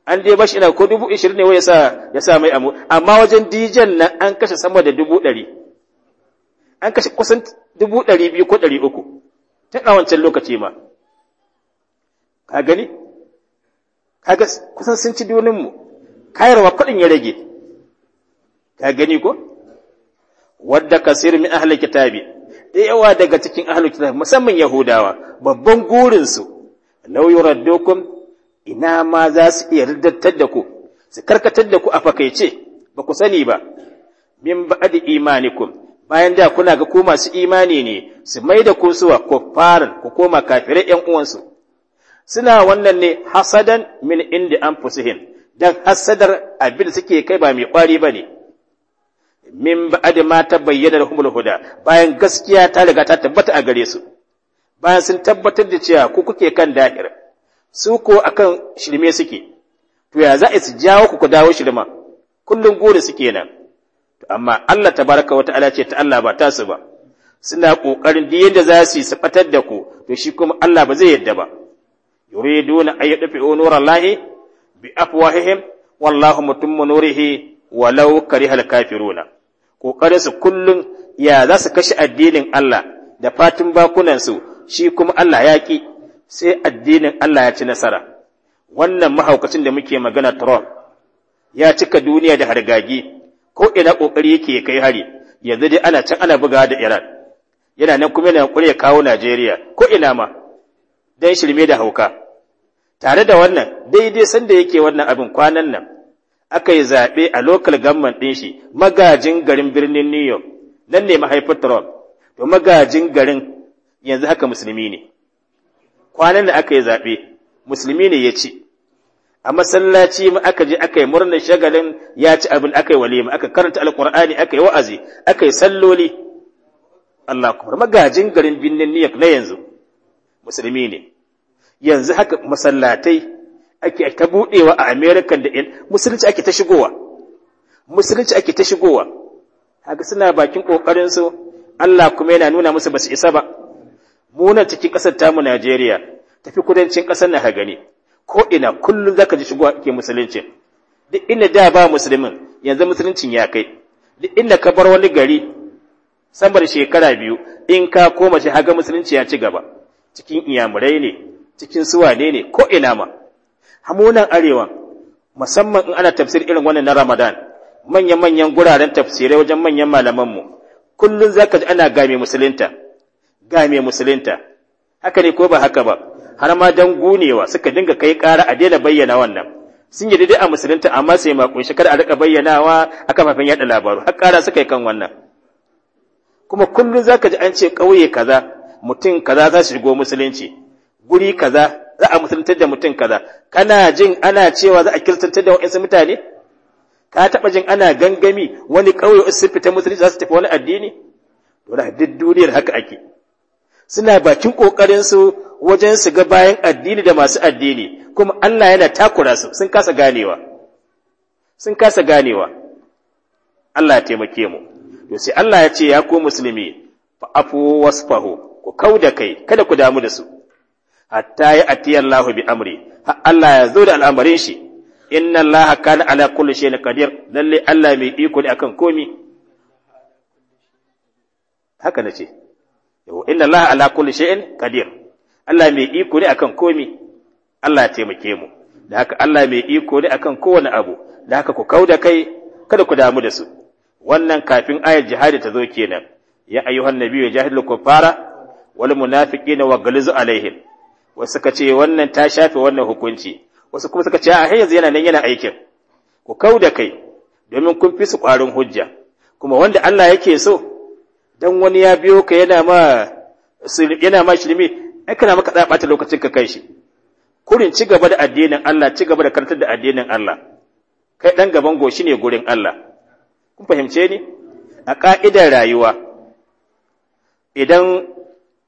an dai bashi ina ko dubu ishirin ne wai ya sa mai amu amma wajen dijen nan an kashe sama da dubu ɗari an kashe kusan dubu ɗari biyu ko ɗari uku ta wancan lokaci ma ka gani kaga kusan sun ci duninmu kayarwa kudin ya rage ka gani ko wadda kasir min ahalar kitabi da yawa daga cikin ahalar kitabi musamman yahudawa babban gurinsu nauyin radokun, ina ma za su iya riddattar da ku su karkatar da ku a fakaice ba ku sani ba min ba da imanikun, bayan da kuna ga ku masu imani ne su mai da ku suwa ku koma kafirai ƴan uwansu suna wannan ne hasadan min indi an anfusihim dan hasadar abin suke kai ba mai kwari bane min ba'ad ma tabayyana lahumul huda bayan gaskiya ta riga ta tabbata a gare su bayan sun tabbatar da cewa ku kuke kan da'ira su ko akan shirme suke to ya za su jawo ku ku dawo shirma kullum gore suke nan amma Allah tabaraka wa ta'ala ce ta Allah ba ta tasu ba suna ƙoƙarin duk yadda za su yi su fatar da ku to shi kuma Allah ba zai yadda ba yuriduna ay yudfi'u nurallahi bi afwahihim wallahu mutimmu nurihi walau karihal kafiruna kokarin su kullum ya za su kashe addinin Allah da fatin bakunan su shi kuma Allah ya ƙi, sai addinin Allah ya ci nasara wannan mahaukacin da muke magana Trump ya cika duniya da hargagi ko ina kokari yake kai hari yanzu dai ana can ana buga da Iran yana nan kuma yana ya kawo Najeriya ko ina ma Dan shirme da hauka tare da wannan daidai sanda yake wannan abin kwanan nan aka yi zaɓe a local government ɗin shi magajin garin birnin new york nan ne mahaifar trump to magajin garin yanzu haka musulmi ne kwanan da aka yi zaɓe musulmi ne ya ci a masallaci ma aka je aka yi murnar shagalin ya ci abin aka yi walima aka karanta alkur'ani aka yi wa'azi aka yi salloli Allah kuma magajin garin birnin New York na yanzu musulmi ne yanzu haka masallatai ake ta buɗewa a America da musulunci ake ta shigowa musulunci ake ta shigowa haka suna bakin kokarin su Allah kuma yana nuna musu basu isa ba mu cikin kasar tamu Najeriya tafi kudancin kasar na gani ko ina kullum zaka ji shigowa ke musulunci duk inda da ba musulmin yanzu musuluncin ya kai duk inda ka bar wani gari sabar shekara biyu in ka koma shi haga musulunci ya ci gaba cikin iyamurai ne cikin suwane ne ko ina ma hamunan arewa musamman in ana tafsir irin wannan na ramadan manya-manyan guraren tafsirai wajen manyan malamanmu kullum za ka ji ana game musulunta game musulunta haka ne ko ba haka ba har ma don gunewa suka dinga kai ƙara a daina bayyana wannan sun yi daidai a musulunta amma sai ma kunshi kada a riƙa bayyanawa a kafafen yaɗa labaru har ƙara suka yi kan wannan kuma kullum za ka ji an ce ƙauye kaza mutum kaza za su shigo musulunci guri kaza za a musuluntar da mutum kaza kana jin ana cewa za a kirtantar da wa'insu mutane ka taɓa jin ana gangami wani ƙauye su fita musulunci za su tafi wani addini wala duk duniyar haka ake suna bakin ƙoƙarinsu wajen su ga bayan addini da masu addini kuma Allah yana takura su sun kasa ganewa sun kasa ganewa Allah ya taimake mu to sai Allah ya ce ya ku musulmi fa afu wasfahu ku kau da kai kada ku damu da su hatta ya atiya Allahu bi amri ha Allah ya zo da al'amarin shi inna Allah kana ala kulli shay'in qadir lalle Allah mai iko ne akan komi haka nace inna Allah ala kulli shay'in qadir Allah mai iko ne akan komi Allah ya taimake mu da haka Allah mai iko ne akan kowane abu da haka ku kau da kai kada ku damu da su wannan kafin ayar jihadi ta zo kenan ya ayyuhan nabiyyu jahidul kuffara wal munafiqina wa galizu alaihim wasu suka ce wannan ta shafe wannan hukunci wasu kuma suka ce a yanzu yana nan yana aikin ku kau da kai domin kun fi su ƙwarin hujja kuma wanda Allah yake so dan wani ya biyo ka yana ma yana ma shirme ai kana maka da bata lokacin ka kai shi kurin ci gaba da addinin Allah ci gaba da karantar da addinin Allah kai dan gaban goshi ne gurin Allah kun fahimce ni a ka'idar rayuwa idan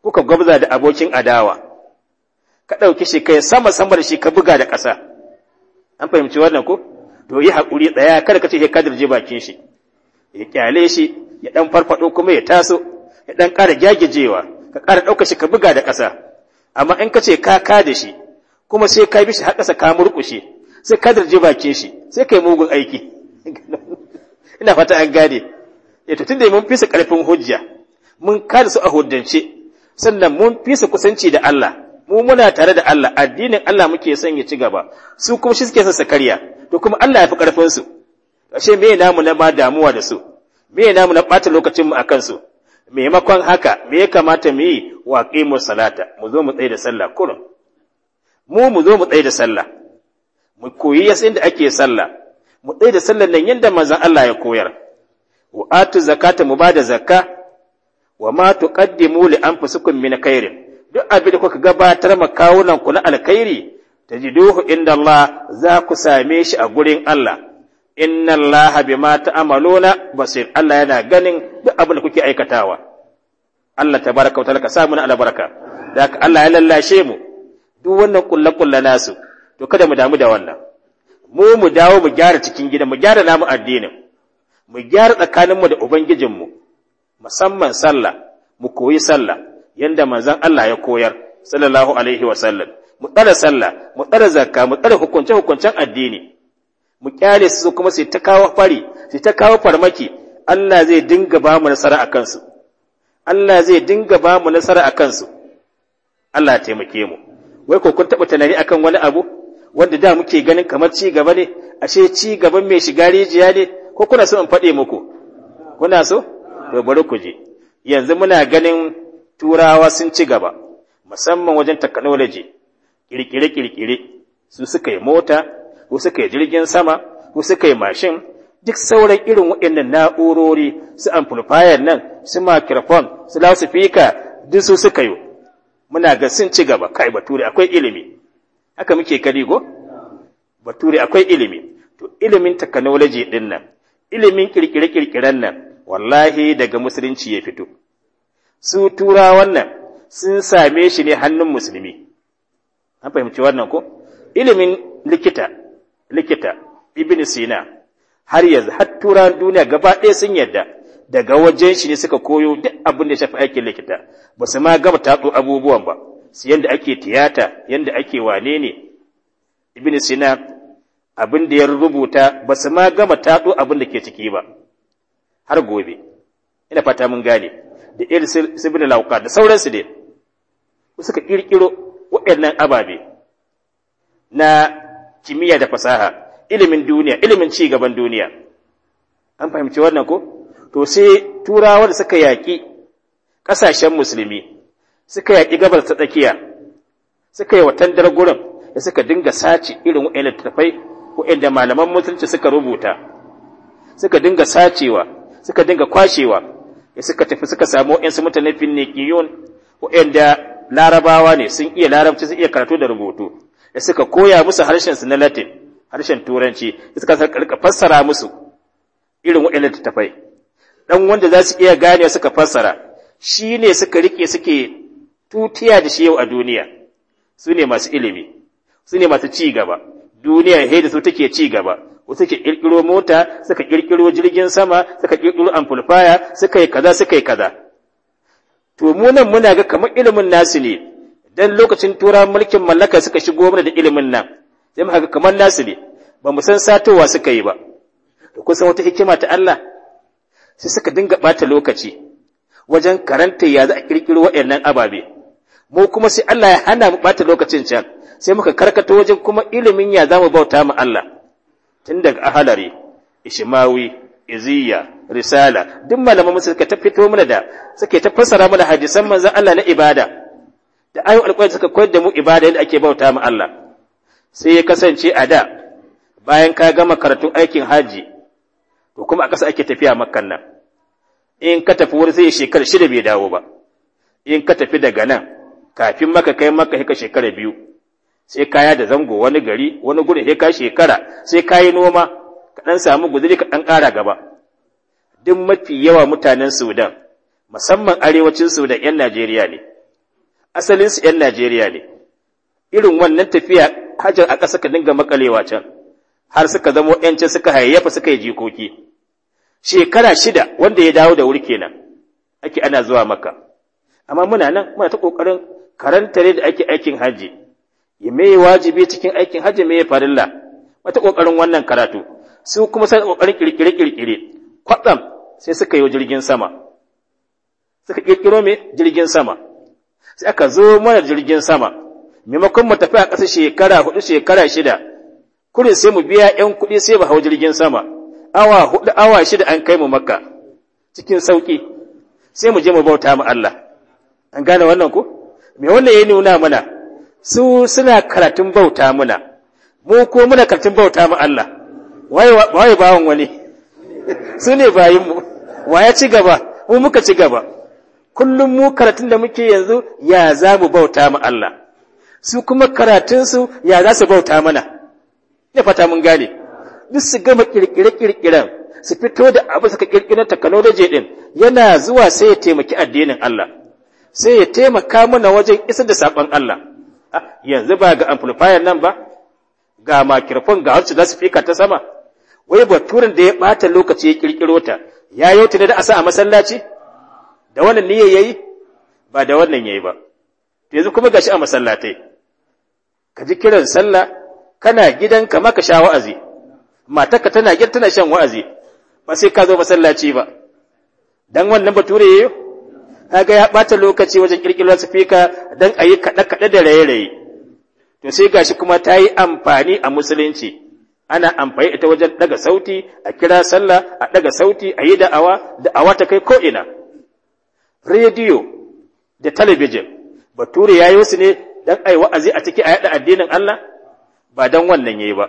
kuka gwabza da abokin adawa ka ɗauki shi kai sama sama da shi ka buga da ƙasa an fahimci wannan ko to yi haƙuri tsaya kada ka ce da dirje bakin shi ya kyale shi ya ɗan farfaɗo kuma ya taso ya ɗan ƙara gyagijewa ka ƙara ɗauka shi ka buga da ƙasa amma in ka ce ka ka da shi kuma sai ka bi shi har ƙasa ka murƙushe sai ka dirje bakin shi sai ka yi mugun aiki ina fata an gane ya eh, tutun da mun fisa ƙarfin hujja mun kada su a hudance. sannan mun fi su kusanci da Allah mu muna tare da Allah addinin Allah muke son ya ci gaba su kuma shi suke son su karya to kuma Allah ya fi ƙarfinsu. su ashe me namu na ma damuwa da su me namu na ɓata lokacin mu akan su maimakon haka me ya kamata mu yi wa qimu salata mu zo mu tsaye da sallah kullum mu mu zo mu tsaye da sallah mu koyi yasin da ake sallah mu tsaye da sallah nan yanda manzon Allah ya koyar wa atu zakata mu ba da zakka wa ma tuqaddimu li anfusikum min khairin duk abin da kuka gabatar ma kawunan ku na alkhairi tajiduhu inda Allah za ku same shi a gurin Allah inna Allah bima ta'maluna basir Allah yana ganin duk abin da kuke aikatawa Allah tabaraka wa ta'ala ka samu na albarka da Allah ya lallashe mu duk wannan kullu nasu to kada mu damu da wannan mu mu dawo mu gyara cikin gida mu gyara namu addinin mu gyara tsakaninmu da ubangijinmu musamman sallah mu koyi sallah yanda manzon Allah ya koyar sallallahu alaihi wa sallam mu tsara sallah mu tsara zakka mu tsara hukunce hukuncen addini mu kyale su kuma sai ta kawo fari sai ta kawo farmaki Allah zai dinga ba mu nasara akan su Allah zai dinga ba mu nasara akan su Allah ya taimake mu wai ko kun taɓa tunani akan wani abu wanda da muke ganin kamar ci gaba ne ashe ci gaban mai shiga rijiya ne ko kuna so in faɗe muku kuna so to bari ku je yanzu muna ganin turawa sun ci gaba musamman wajen technology kirkire kirkire su suka yi mota ko suka yi jirgin sama ko suka yi mashin duk sauran irin waɗannan na'urori su amplifier nan su microphone su loudspeaker duk su suka yi muna ga sun ci gaba kai bature akwai ilimi haka muke kari go bature akwai ilimi to ilimin technology din nan ilimin kirkire-kirkiren nan wallahi daga musulunci ya fito su tura wannan sun same shi ne hannun musulmi an fahimci wannan ko ilimin likita likita ibn sina har yanzu har tura duniya gaba ɗaya sun yarda daga wajen shi ne suka koyo duk abin da shafi aikin likita ba su ma gaba tatso abubuwan ba su yanda ake tiyata yanda ake wane ne ibn sina abin da ya rubuta ba su ma gama tatso abin da ke ciki ba har gobe ina fata mun gane da irin sibin lauka da sauransu ne suka kirkiro waɗannan ababe na kimiyya da fasaha ilimin duniya ilimin ci gaban duniya an fahimci wannan ko to sai turawa da suka yaƙi ƙasashen musulmi suka yaƙi gabar ta tsakiya suka yi watan gurin da suka dinga sace irin waɗannan littattafai da malaman musulunci suka rubuta suka dinga sacewa suka dinga kwashewa ya suka tafi suka samu waɗansu mutane finnikiyun waɗanda larabawa ne sun iya larabci sun iya karatu da rubutu ya suka koya musu harshen su na latin harshen turanci da suka fassara musu irin ta tafai. dan wanda za su iya gane suka fassara shi ne suka rike suke tutiya da shi yau a duniya su ne masu ilimi su ne masu ci gaba duniya da su take ci gaba suke kirkiro mota suka kirkiro jirgin sama suka kirkiro amplifier suka yi kaza suka yi kaza to mu nan muna ga kamar ilimin nasu ne dan lokacin tura mulkin mallaka suka shigo mana da ilimin nan sai muka ga kamar nasu ne ba mu san satowa suka yi ba to kusan wata hikima ta Allah sai suka dinga bata lokaci wajen karanta ya za a kirkiro waɗannan ababe mu kuma sai Allah ya hana mu bata lokacin can sai muka karkata wajen kuma ilimin ya za mu bauta ma Allah tun daga ahalari ishimawi iziya risala duk malaman musu suka tafito mana da suke ta fassara mana hadisan manzon Allah na ibada da ayu alƙur'ani suka koyar da mu ibada yadda ake bauta ma Allah sai ya kasance a da bayan ka gama karatun aikin haji to kuma a ƙasa ake tafiya makkan nan in ka tafi wurin sai shekara shida bai dawo ba in ka tafi daga nan kafin maka kai maka hika shekara biyu sai kaya da zango wani gari wani gurin sai ka shekara sai ka yi noma ka ɗan samu guzuri ka ɗan ƙara gaba duk mafi yawa mutanen sudan musamman arewacin sudan 'yan najeriya ne asalinsu 'yan najeriya ne irin wannan tafiya hajar a ƙasa ka dinga makalewa can har suka zamo 'yancin suka hayayyafa suka yi jikoki shekara shida wanda ya dawo da wuri kenan ake ana zuwa maka amma muna nan muna ta ƙoƙarin karantare da ake aikin hajji. ya mai wajibi cikin aikin hajji mai farilla mata kokarin wannan karatu su kuma sai kokarin kirkire kirkire kwatsam sai suka yi jirgin sama suka kirkiro mai jirgin sama sai aka zo mana jirgin sama maimakon mu tafi a ƙasa shekara hudu shekara shida kurin sai mu biya ƴan kuɗi sai mu hau jirgin sama awa hudu awa shida an kai mu makka cikin sauki sai mu je mu bauta mu Allah an gane wannan ko me wannan ya nuna mana su suna karatun bauta muna mu ko muna karatun bauta mu Allah waye bawon wani su ne bayinmu ya ci gaba mu muka ci gaba kullum mu karatun da muke yanzu ya za mu bauta mu Allah su kuma karatunsu ya za su bauta mana Ya fata mun gane duk su gama kirkire-kirkiren su fito da abu suka kirkirar technology din yana zuwa sai ya taimaki addinin Allah sai ya taimaka mana wajen isar da sabon Allah yanzu ba ga amplifier nan ba ga microphone ga wacce za su fika ta sama wai baturin da ya bata lokaci ya kirkiro ta ya yi ne da asa a masallaci da wannan niyya yayi ba da wannan yayi ba yanzu kuma gashi a masallatai ka ji kiran sallah kana gidan ka maka sha wa'azi matarka tana gidan tana shan wa'azi ba sai ka zo masallaci ba dan wannan bature yayi kaga ya ɓata lokaci wajen kirkirar safika don ayi yi kaɗe-kaɗe da raye-raye to sai gashi kuma ta yi amfani a musulunci ana amfani ita wajen ɗaga sauti a kira sallah a ɗaga sauti a yi da'awa da'awa ta kai ko'ina rediyo da talabijin bature ya yi ne don a wa'azi a ciki a yaɗa addinin Allah ba don wannan ya yi ba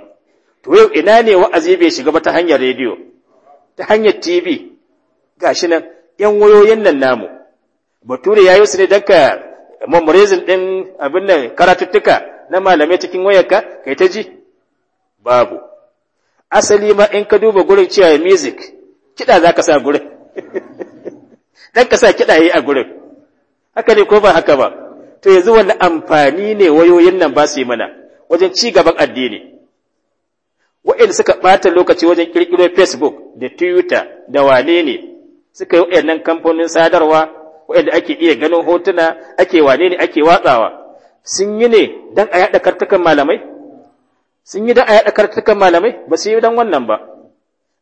to yau ina ne wa'azi bai shiga ba ta hanyar rediyo ta hanyar tv gashi nan yan wayoyin nan namu bature yi su ne don ka memorizing ɗin abin nan karatuttuka na malamai cikin wayarka kai ta ji babu asali ma in ka duba gurin cewa music kiɗa za ka sa gurin dan ka sa kiɗa yi a gurin haka ne ko ba haka ba to yanzu wani amfani ne wayoyin nan ba su yi mana wajen ci gaban addini wa'in suka ɓata lokaci wajen ƙirƙiro facebook da twitter da wane ne suka yi wa'annan kamfanin sadarwa waɗanda ake iya ganin hotuna ake wane ne ake watsawa sun yi ne don a yaɗa kartukan malamai sun yi don a yaɗa kartukan malamai ba su yi don wannan ba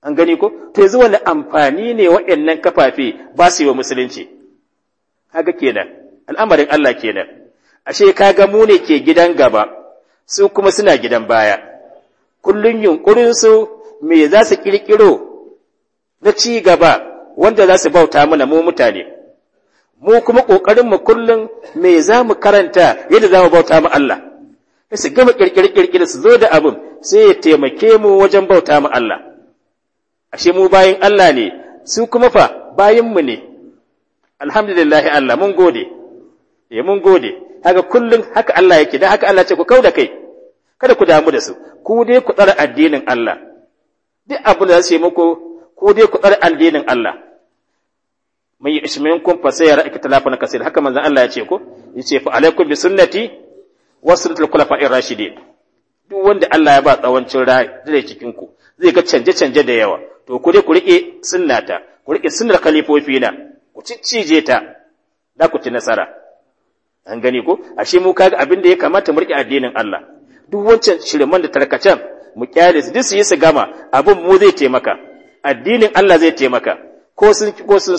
an gani ko to yanzu wani amfani ne waɗannan kafafe ba su yi wa musulunci kaga kenan al'amarin Allah kenan ashe kaga mu ne ke gidan gaba su kuma suna gidan baya kullun yunkurin su me za su kirkiro na ci gaba wanda za su bauta mana mu mutane mu kuma ƙoƙarinmu kullum me za mu karanta yadda za mu bauta mu Allah su gama ƙirƙiri-ƙirƙiri su zo da abin sai ya taimake mu wajen bauta mu Allah ashe mu bayin Allah ne su kuma fa bayinmu ne alhamdulillah Allah mun gode eh mun gode haka kullum haka Allah yake dan haka Allah ce ku kauda kai kada ku damu da su ku dai ku tsara addinin Allah duk abin da za su yi muku ku dai ku tsara addinin Allah mai yu'is minkum fa sayara na kasir haka manzan Allah ya ce ko ce fa alaikum bi sunnati wa sunnatul khulafa'ir duk wanda Allah ya ba tsawancin rai da cikin ku zai ga canje canje da yawa to ku dai ku rike sunnata ku rike sunnar khalifofi na ku ciccije ta da ku ci nasara an gani ko ashe mu kaga abin da ya kamata mu rike addinin Allah duk wancan shirman da tarkacen mu kyale su duk su yi su gama abin mu zai taimaka addinin Allah zai taimaka ko sun ko sun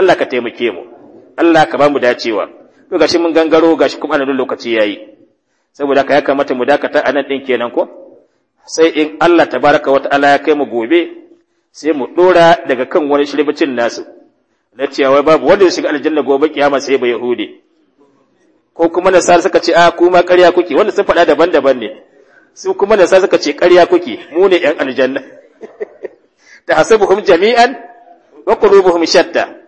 Allah ka taimake mu Allah ka ba mu dacewa to gashi mun gangaro gashi kuma nan lokaci yayi saboda ka ya kamata mu dakata anan din kenan ko sai in Allah tabaraka wata'ala ya kai mu gobe sai mu dora daga kan wani shirbicin nasu na cewa babu wanda zai shiga aljanna gobe kiyama sai ba yahudi ko kuma na sa suka ce a kuma ƙarya kuke wanda sun faɗa daban-daban ne su kuma na sa suka ce ƙarya kuke mu ne ƴan aljanna Ta tahsabuhum jami'an wa qulubuhum shatta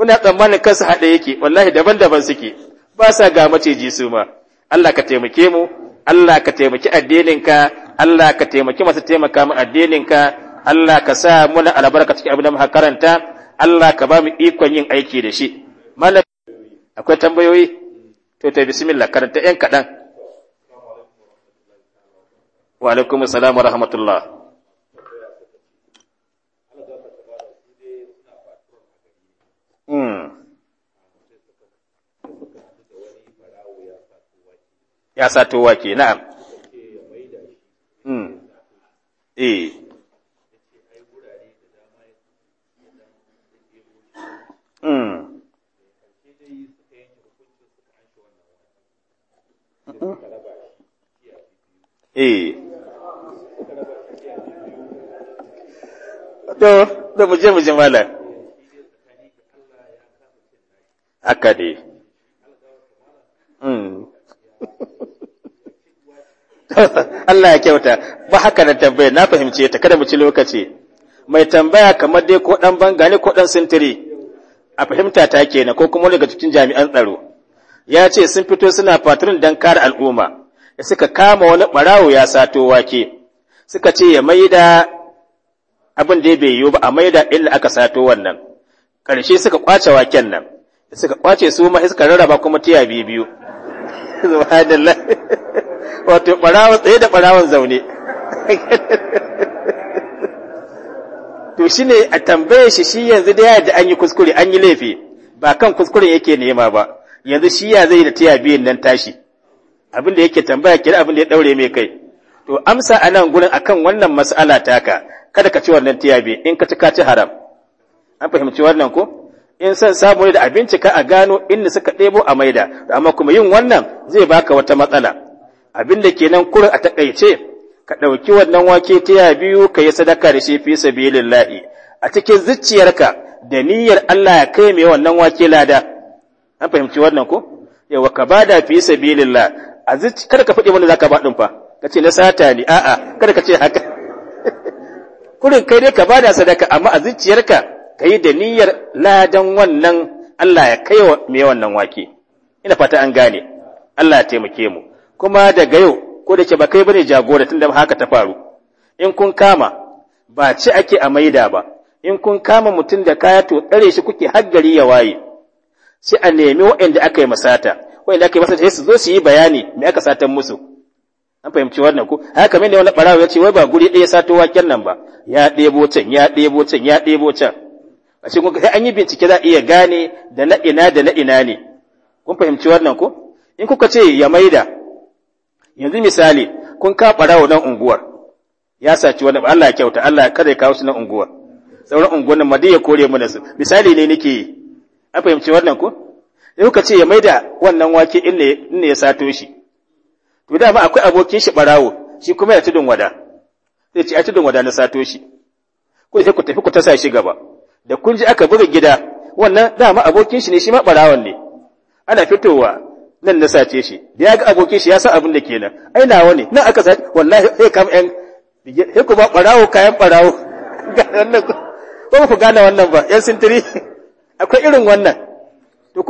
kuna tsammanin kansu haɗe yake wallahi daban-daban suke ba sa ga maciji su ma Allah ka taimake mu Allah ka taimaki addininka Allah ka taimaki masu taimaka mu addininka Allah ka sa muna albarka cikin abin da muka karanta Allah ka ba mu ikon yin aiki da shi mallam akwai tambayoyi to ta bismillah karanta yan kaɗan wa salam wa rahmatullah ya sato ke na'am mm eh to da mu je mu ji malam Aka dai hmm. Allah ya kyauta ba haka na tambaya na fahimce ta kada mu ci lokaci mai tambaya kamar dai ko dan banga ne ko dan sintiri a fahimta ta kenan ko kuma daga cikin jami'an tsaro ya ce sun fito suna fatirin dan kare al'umma da suka kama wani barawo ya sato wake suka ce ya maida abin da bai yiwu ba a maida illa aka sato wannan ƙarshe suka kwace waken nan suka kwace su ma suka rarraba kuma tiya biyu biyu subhanallah wato barawa tsaye da barawan zaune to shine a tambaye shi shi yanzu da yadda an yi kuskure an yi laifi ba kan kuskure yake nema ba yanzu shi ya zai da tiya biyan nan tashi abin da yake tambaya kira abin da ya daure mai kai to amsa a nan gurin akan wannan mas'ala taka kada ka ci wannan tiya biyu in ka ci ka ci haram an fahimci wannan ko in san samu ne da abinci ka a gano inda suka ɗebo a maida amma kuma yin wannan zai baka wata matsala abin da kenan kura a takaice ka ɗauki wannan wake ta ya biyu ka yi sadaka da shi fi sabilillahi a cikin zuciyarka da niyyar Allah ya kai mai wannan wake lada an fahimci wannan ko yawa ka bada fi sabilillah a zuci kada ka faɗi wanda zaka ba ɗin fa ka ce na sata ne a'a kada ka ce haka kurin kai dai ka bada sadaka amma a zuciyarka ka yi da niyyar ladan wannan Allah ya kai wa me wannan wake ina fata an gane Allah ya taimake mu kuma daga yau ko da ke ba kai bane jagora tunda haka ta faru in kun kama ba ci ake a maida ba in kun kama mutum da kaya to dare shi kuke haggari ya waye sai a nemi waɗanda aka yi masata waɗanda aka yi masata sai su zo su yi bayani me aka satan musu an fahimci wannan ko haka min ne wani barawo ya ce wai ba guri ɗaya sato waken nan ba ya ɗebo can ya ɗebo can ya ɗebo can a ce kun an yi bincike za iya gane da na ina da na ina ne kun fahimci wannan ko in kuka ce ya maida yanzu misali kun ka barawo nan unguwar ya saci wani Allah ya kyauta Allah kada ya kawo su nan unguwar sauran unguwar nan madai ya kore da su misali ne nake yi an fahimci wannan ko in kuka ce ya maida wannan wake in ne ya sato shi to dama akwai abokin shi barawo shi kuma ya tudun wada sai ce a tudun wada na sato shi ko sai ku tafi ku tasa shi gaba da kun ji aka buga gida wannan dama abokin shi ne shi ma barawan ne ana fitowa nan na sace shi da ya ga abokin shi ya san abin da kenan ai nawa ne nan aka sace wallahi sai kam yan sai ku ba barawo kayan barawo wannan ko ku gane wannan ba yan sintiri akwai irin wannan to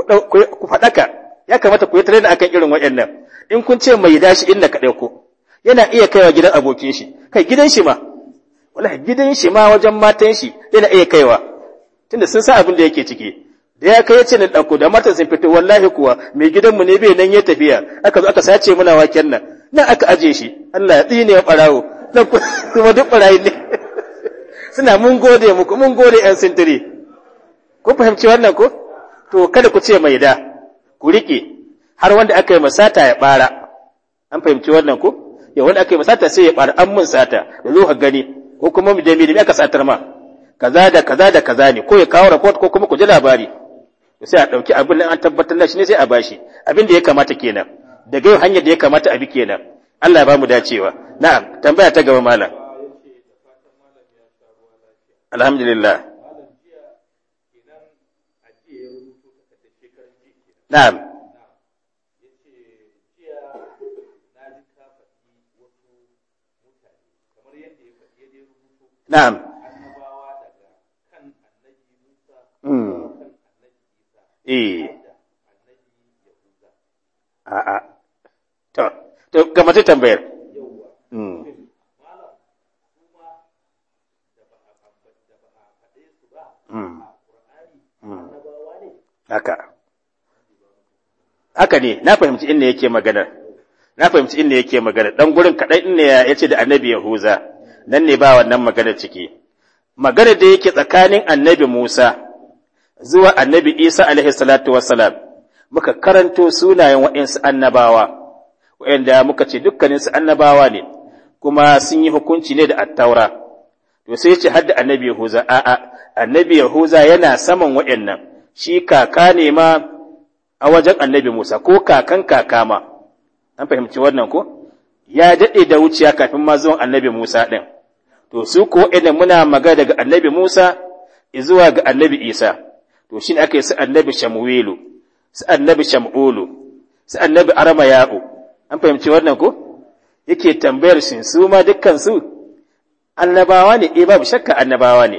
ku faɗaka ya kamata ku yi tare da akan irin waɗannan in kun ce mai dashi inda ka ɗauko yana iya kaiwa gidan abokin shi kai gidan shi ma wallahi gidan shi ma wajen matan shi yana iya kaiwa tunda sun san abin da yake ciki da ya kai yace ni ɗauko da matan sun fito wallahi kuwa mai gidanmu ne bai nan ya tafiya aka zo aka sace muna waken nan nan aka aje shi Allah ya tsine ya barawo nan kuma duk barayi ne suna mun gode muku mun gode yan sintiri ku fahimci wannan ko to kada ku ce mai da ku rike har wanda aka yi masata ya bara an fahimci wannan ko ya wanda aka yi masata sai ya bara an mun sata da zuwa ka gani ko kuma mu da da aka satar ma kaza da kaza da kaza ne ko ya kawo report ko kuma ku ji labari sai a ɗauki abin da an tabbatar da shi ne sai a bashi abin da ya kamata kenan daga yau hanyar da ya kamata a bi kenan Allah ya ba mu dacewa na'am tambaya ta gaba malam alhamdulillah na'am na'am eh a'a to to ga mata tambayar mm haka haka ne na fahimci inda yake maganar na fahimci inda yake maganar dan gurin kadai inda ya ce da annabi yahuza nan ne ba wannan maganar ciki maganar da yake tsakanin annabi musa zuwa annabi Isa alaihi salatu wassalam muka karanto sunayen waɗansu annabawa waɗanda muka ce dukkaninsu annabawa ne kuma sun yi hukunci ne da attaura to sai ce hadda annabi Yahuza a'a annabi Yahuza yana saman waɗannan shi kaka ne ma a wajen annabi Musa ko kakan kaka ma an fahimci wannan ko ya daɗe da wuciya kafin ma zuwan annabi Musa ɗin to su ko waɗannan muna magana daga annabi Musa zuwa ga annabi Isa to shi ne aka yi su annabi shamuwelu su annabi shamulu su annabi armaya'u an fahimci wannan ko yake tambayar shi su ma dukkan annabawa ne eh babu shakka annabawa ne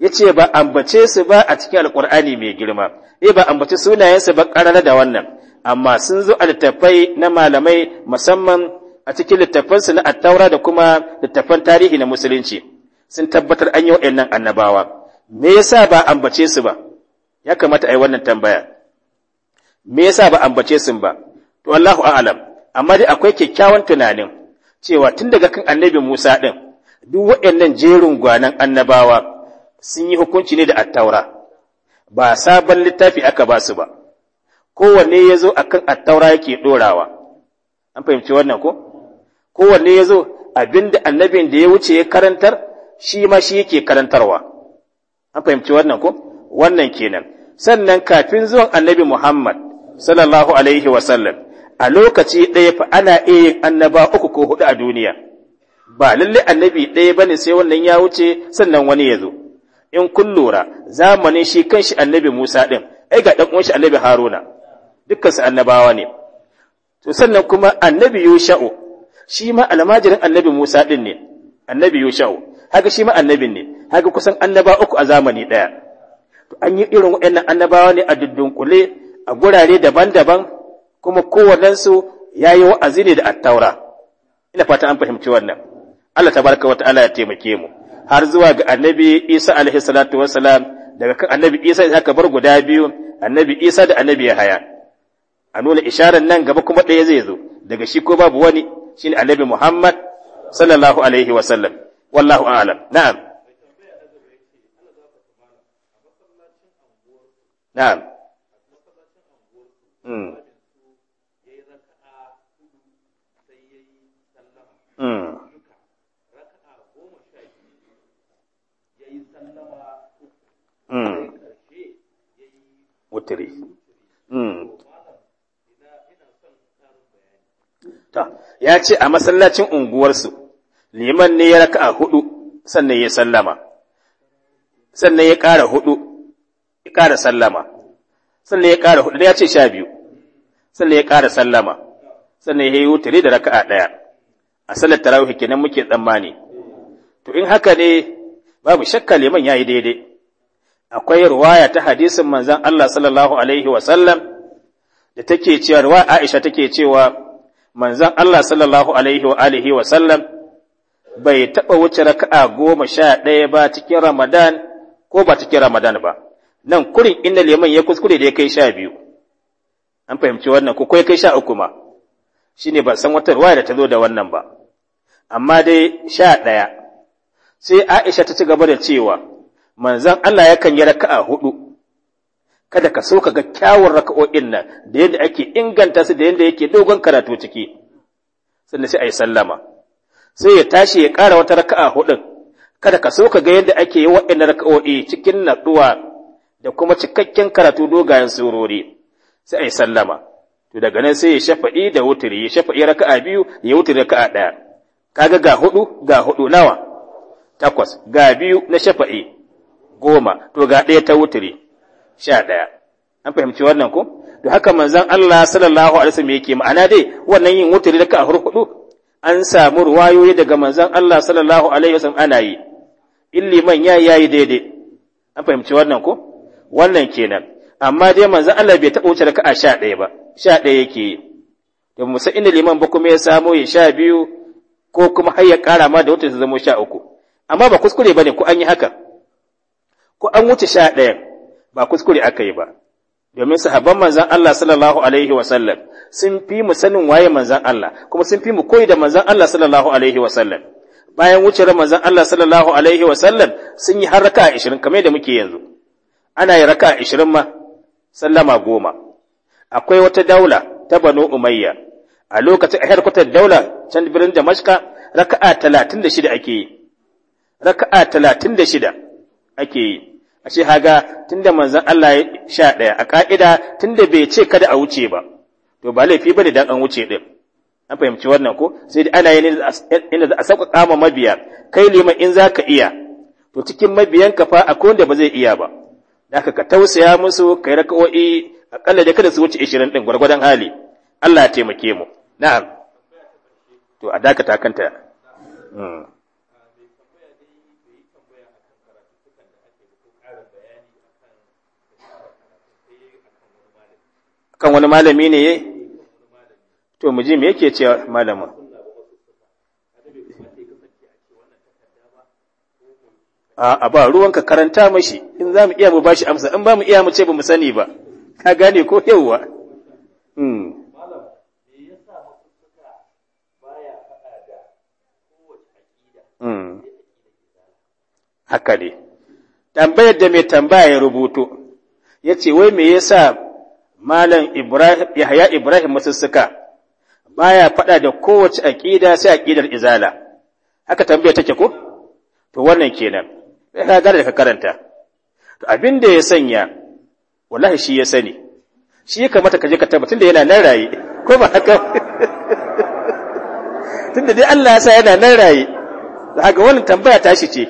yace ba ambace su ba a cikin alqur'ani mai girma eh ba ambace sunayensu ba karara da wannan amma sun zo a littattafai na malamai musamman a cikin littattafansu na attaura da kuma littattafan tarihi na musulunci sun tabbatar an yi wa'annan annabawa me yasa ba ambace su ba ya kamata a yi wannan tambaya me yasa ba ambace sun ba to Allahu a'lam amma dai akwai kyakkyawan tunanin cewa tun daga kan annabi Musa din duk waɗannan jerin gwanan annabawa sun yi hukunci ne da attaura ba sabon littafi aka ba su ba kowanne ya zo a kan attaura yake ɗorawa an fahimci wannan ko kowanne ya zo abinda annabin da ya wuce ya karantar shi ma shi yake karantarwa an fahimci wannan ko wannan kenan sannan kafin zuwan annabi Muhammad sallallahu alaihi wasallam a lokaci ɗaya fa ana iya yin annaba uku ko huɗu a duniya ba lalle annabi ɗaya bane sai wannan ya wuce sannan wani ya zo in kun lura zamanin shi kan shi annabi Musa din ai ga dan shi annabi Haruna dukkan su annabawa ne to sannan kuma annabi Yusha'u shi ma almajirin annabi Musa din ne annabi Yusha'u haka shi ma annabin ne haka kusan annaba uku a zamani ɗaya an yi irin waɗannan annabawa ne a dundunkule a gurare daban-daban kuma kowannensu ya yi wa'azi ne da attaura ina fata an fahimci wannan Allah tabaraka wa ta'ala ya taimake mu har zuwa ga annabi Isa alaihi salatu wassalam daga kan annabi Isa ya aka bar guda biyu annabi Isa da annabi Yahaya a nuna isharar nan gaba kuma ɗaya zai zo daga shi ko babu wani shine annabi Muhammad sallallahu alaihi wasallam wallahu a'lam na'am na'am Hmm. hmm. hmm. hmm. ya ce a masallacin unguwarsu, liman ne ya raka a hudu sannan ya sallama, sannan ya ƙara hudu, ya ƙara sallama sannan ya ƙara hudu ya ce sha biyu sannan ya ƙara sallama sannan ya yi wutare da raka'a ɗaya a sallar tarawih kenan muke tsammani to in haka ne babu shakka liman yi daidai akwai ruwaya ta hadisin manzan Allah sallallahu alaihi wa sallam da take cewa ruwa Aisha take cewa manzan Allah sallallahu alaihi wa alihi wasallam sallam bai taɓa wuce raka'a goma sha ɗaya ba cikin Ramadan ko ba cikin Ramadan ba nan kurin inda liman ya kuskure da ya kai sha biyu an fahimci wannan ko kai sha uku ma shi ne ba san wata ruwa da ta zo da wannan ba amma dai sha ɗaya sai aisha ta ci gaba da cewa manzan Allah yakan yi raka'a hudu kada ka so ka ga kyawun raka'o'in nan da yadda ake inganta su da yadda yake dogon karatu ciki sannan sai a yi sallama sai ya tashi ya ƙara wata raka'a hudun kada ka so ka ga yadda ake yi waɗannan raka'o'i cikin natsuwa da kuma cikakken karatu dogayen surori sai ai sallama to daga nan sai ya shafa'i da wuturi ya shafa'i raka'a biyu ya wuturi raka'a ɗaya kaga ga hudu ga hudu nawa takwas ga biyu na shafa'i goma to ga ɗaya ta wuturi sha ɗaya an fahimci wannan ko to haka manzon Allah sallallahu alaihi wasallam yake ma'ana dai wannan yin wuturi raka'a hudu an samu ruwayoyi daga manzon Allah sallallahu alaihi wasallam ana yi illi liman ya yayi daidai an fahimci wannan ko wannan kenan amma dai manzo Allah bai taɓa wuce raka'a sha ɗaya ba sha yake yi da musa inda liman ba kuma ya samo ya sha biyu ko kuma har ya ƙara ma da wata ta zama sha uku amma ba kuskure ba ne ko an yi haka ko an wuce sha ba kuskure aka yi ba domin sahabban manzan Allah sallallahu alaihi wa sallam sun fi mu sanin waye manzan Allah kuma sun fi mu koyi da manzan Allah sallallahu alaihi wa sallam bayan wucewar manzan Allah sallallahu alaihi wa sallam sun yi haraka a 20 kamar da muke yanzu ana yi raka ashirin ma sallama goma akwai wata daula ta banu umayya a lokacin a harkutar daula can birnin damashka raka'a talatin da shida ake yi raka'a talatin da shida ake yi a shi haga tun da manzan Allah ya sha ɗaya a ƙa'ida tun da bai ce kada a wuce ba to ba laifi ba ne dan an wuce ɗin an fahimci wannan ko sai da ana yin inda za a sauƙaƙa ma mabiya kai liman in za ka iya to cikin mabiyanka fa akwai wanda ba zai iya ba da ka tausaya musu kai raka'o'i akalla da kada su wuce 20 din gwargwadon hali Allah ya taimake mu na'am to a dakata kanta hmm. kan wani malami ne yayi to mu ji me yake cewa malamin a ba ruwanka karanta mashi in za mu iya mu bashi amsa in ba mu iya mu ce ba mu sani ba ka gane ko yauwa hmm. hmm. haka ne tambayar da mai tambaya ya rubuto ya ce wai me yasa malam ibrahim yahya ibrahim masussuka baya faɗa da kowace aƙida sai aƙidar izala haka tambaya take ko to wannan kenan sai ka gara da ka karanta to abin da ya sanya wallahi shi ya sani shi ya kamata ka je ka tabbatar da yana nan raye ko ba haka tunda dai Allah ya sa yana nan raye haka wannan tambaya tashi ce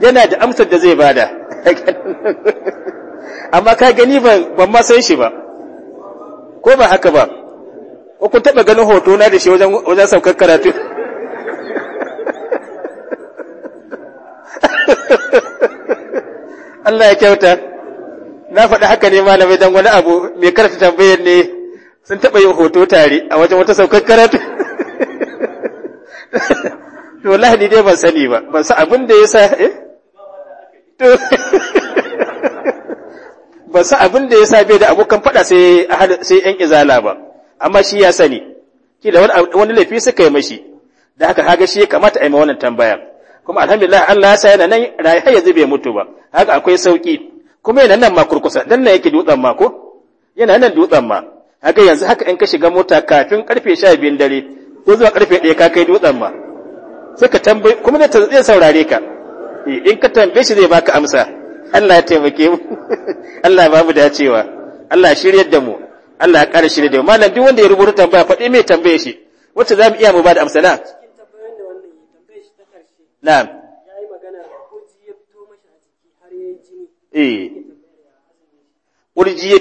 yana da amsar da zai bada amma ka gani ban ma san shi ba ko ba haka ba ko kun taɓa ganin hoto na da shi wajen saukar karatu Allah ya kyauta na faɗi haka ne malamai don wani abu mai karfi tambayar ne sun taɓa yin hoto tare a wajen wata saukar karatu to lahadi dai ban sani ba ban san abin da ya sa eh ban san abin da ya sa bai da abokan faɗa sai yan izala ba amma shi ya sani ki da wani laifi suka yi mashi da haka haga shi ya kamata a yi wannan tambaya kuma alhamdulillah Allah ya sa yana nan rayi har yanzu bai mutu ba haka akwai sauki kuma yana nan ma kurkusa dan nan yake dutsen ma ko yana nan dutsen ma haka yanzu haka in ka shiga mota kafin karfe 12 dare ko zuwa karfe 1 ka kai dutsen ma suka tambaye kuma zai saurare ka eh, in ka tambaye shi zai baka amsa Allah ya taimake mu Allah ya bamu dacewa Allah ya shiryar da mu Allah ya ƙara shirya da mu malam duk wanda ya rubuta tambaya faɗi mai tambaye shi wacce za mu iya mu ba da amsa na na'am yayi magana ya fito mashi a jiki har yayi jini eh kurji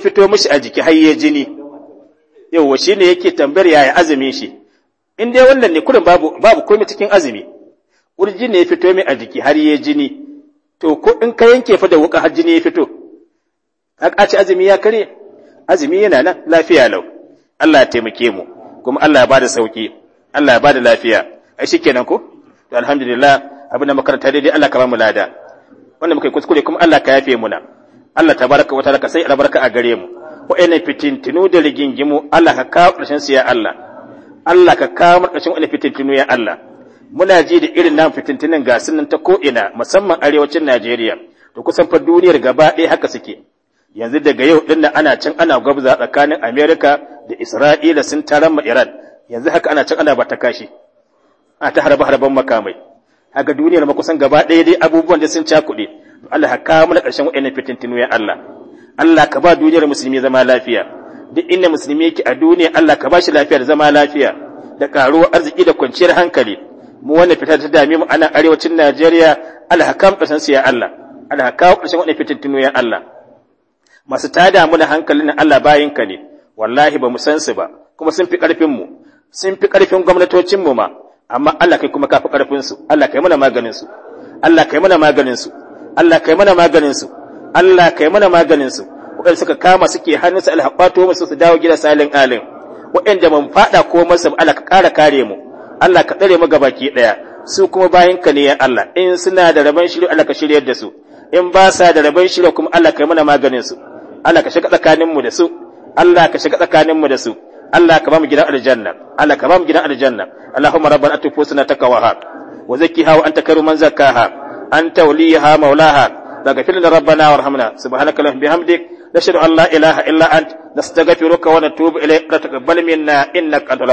ya fito yake tambayar yaya azumin shi in dai wannan ne kurin babu babu komai cikin azumi kurji ne ya fito mai a jiki har yayi jini to ko in ka yanke fa da wuka har jini ya fito ka ci azumi ya kare azumi yana nan lafiya lau Allah ya taimake mu kuma Allah ya bada sauki Allah ya bada lafiya ai shikenan ko to alhamdulillah abin da makaranta daidai Allah ka ba mu lada wanda muka yi kuskure kuma Allah ka yafe muna Allah tabaraka wa ta'ala ka sai albarka a gare mu wa'annan fitintinu da rigingimu Allah ka kawo ƙarshen su ya Allah Allah ka kawo ƙarshen fitin fitintinu ya Allah muna ji da irin nan fitintinin ga sunan ta ko'ina musamman arewacin Najeriya da kusan fa duniyar gaba ɗaya haka suke yanzu daga yau din nan ana can ana gwabza tsakanin Amerika da Isra'ila sun taran ma Iran yanzu haka ana can ana ba ta kashi a ta harba harban makamai a ga duniyar makusan kusan gaba ɗaya dai abubuwan da sun ca kuɗi Allah ka kawo mana ƙarshen fitin fitintinu ya Allah Allah ka ba duniyar musulmi zama lafiya duk inda musulmi yake a duniya Allah ka ba shi lafiya da zama lafiya da ƙaruwar arziki da kwanciyar hankali mu wannan fita ta dame mu ana arewacin Najeriya Allah ka kawo ƙarshen su ya Allah Allah ka kawo ƙarshen fitin fitintinu ya Allah masu tada mu da na Allah bayin ka ne wallahi ba mu san su ba kuma sun fi ƙarfin mu sun fi ƙarfin mu ma amma Allah kai kuma kafi karfin su Allah kai mana maganin su Allah kai mana maganin su Allah kai mana maganin su Allah kai mana maganin su waɗanda suka kama suke hannun su alhaƙato musu su dawo gida salin alim waɗanda mun faɗa ko masa Allah ka ƙara kare mu Allah ka tsare mu gabaki ɗaya su kuma bayan ka ne ya Allah in suna da rabon shiru Allah ka shiryar da su in ba sa da rabon shiru kuma Allah kai mana maganin su Allah ka shiga tsakanin mu da su Allah ka shiga tsakanin mu da su Allah ka ba mu gidan aljanna Allah ka ba mu gidan aljanna Allahumma rabbana atu fusna taqwaha wa zakkiha wa anta khairu man zakkaha anta waliyaha maulaha daga lana rabbana warhamna subhanaka allahumma bihamdik nashhadu an la ilaha illa ant nastaghfiruka wa natubu ilayk taqabbal minna innaka antal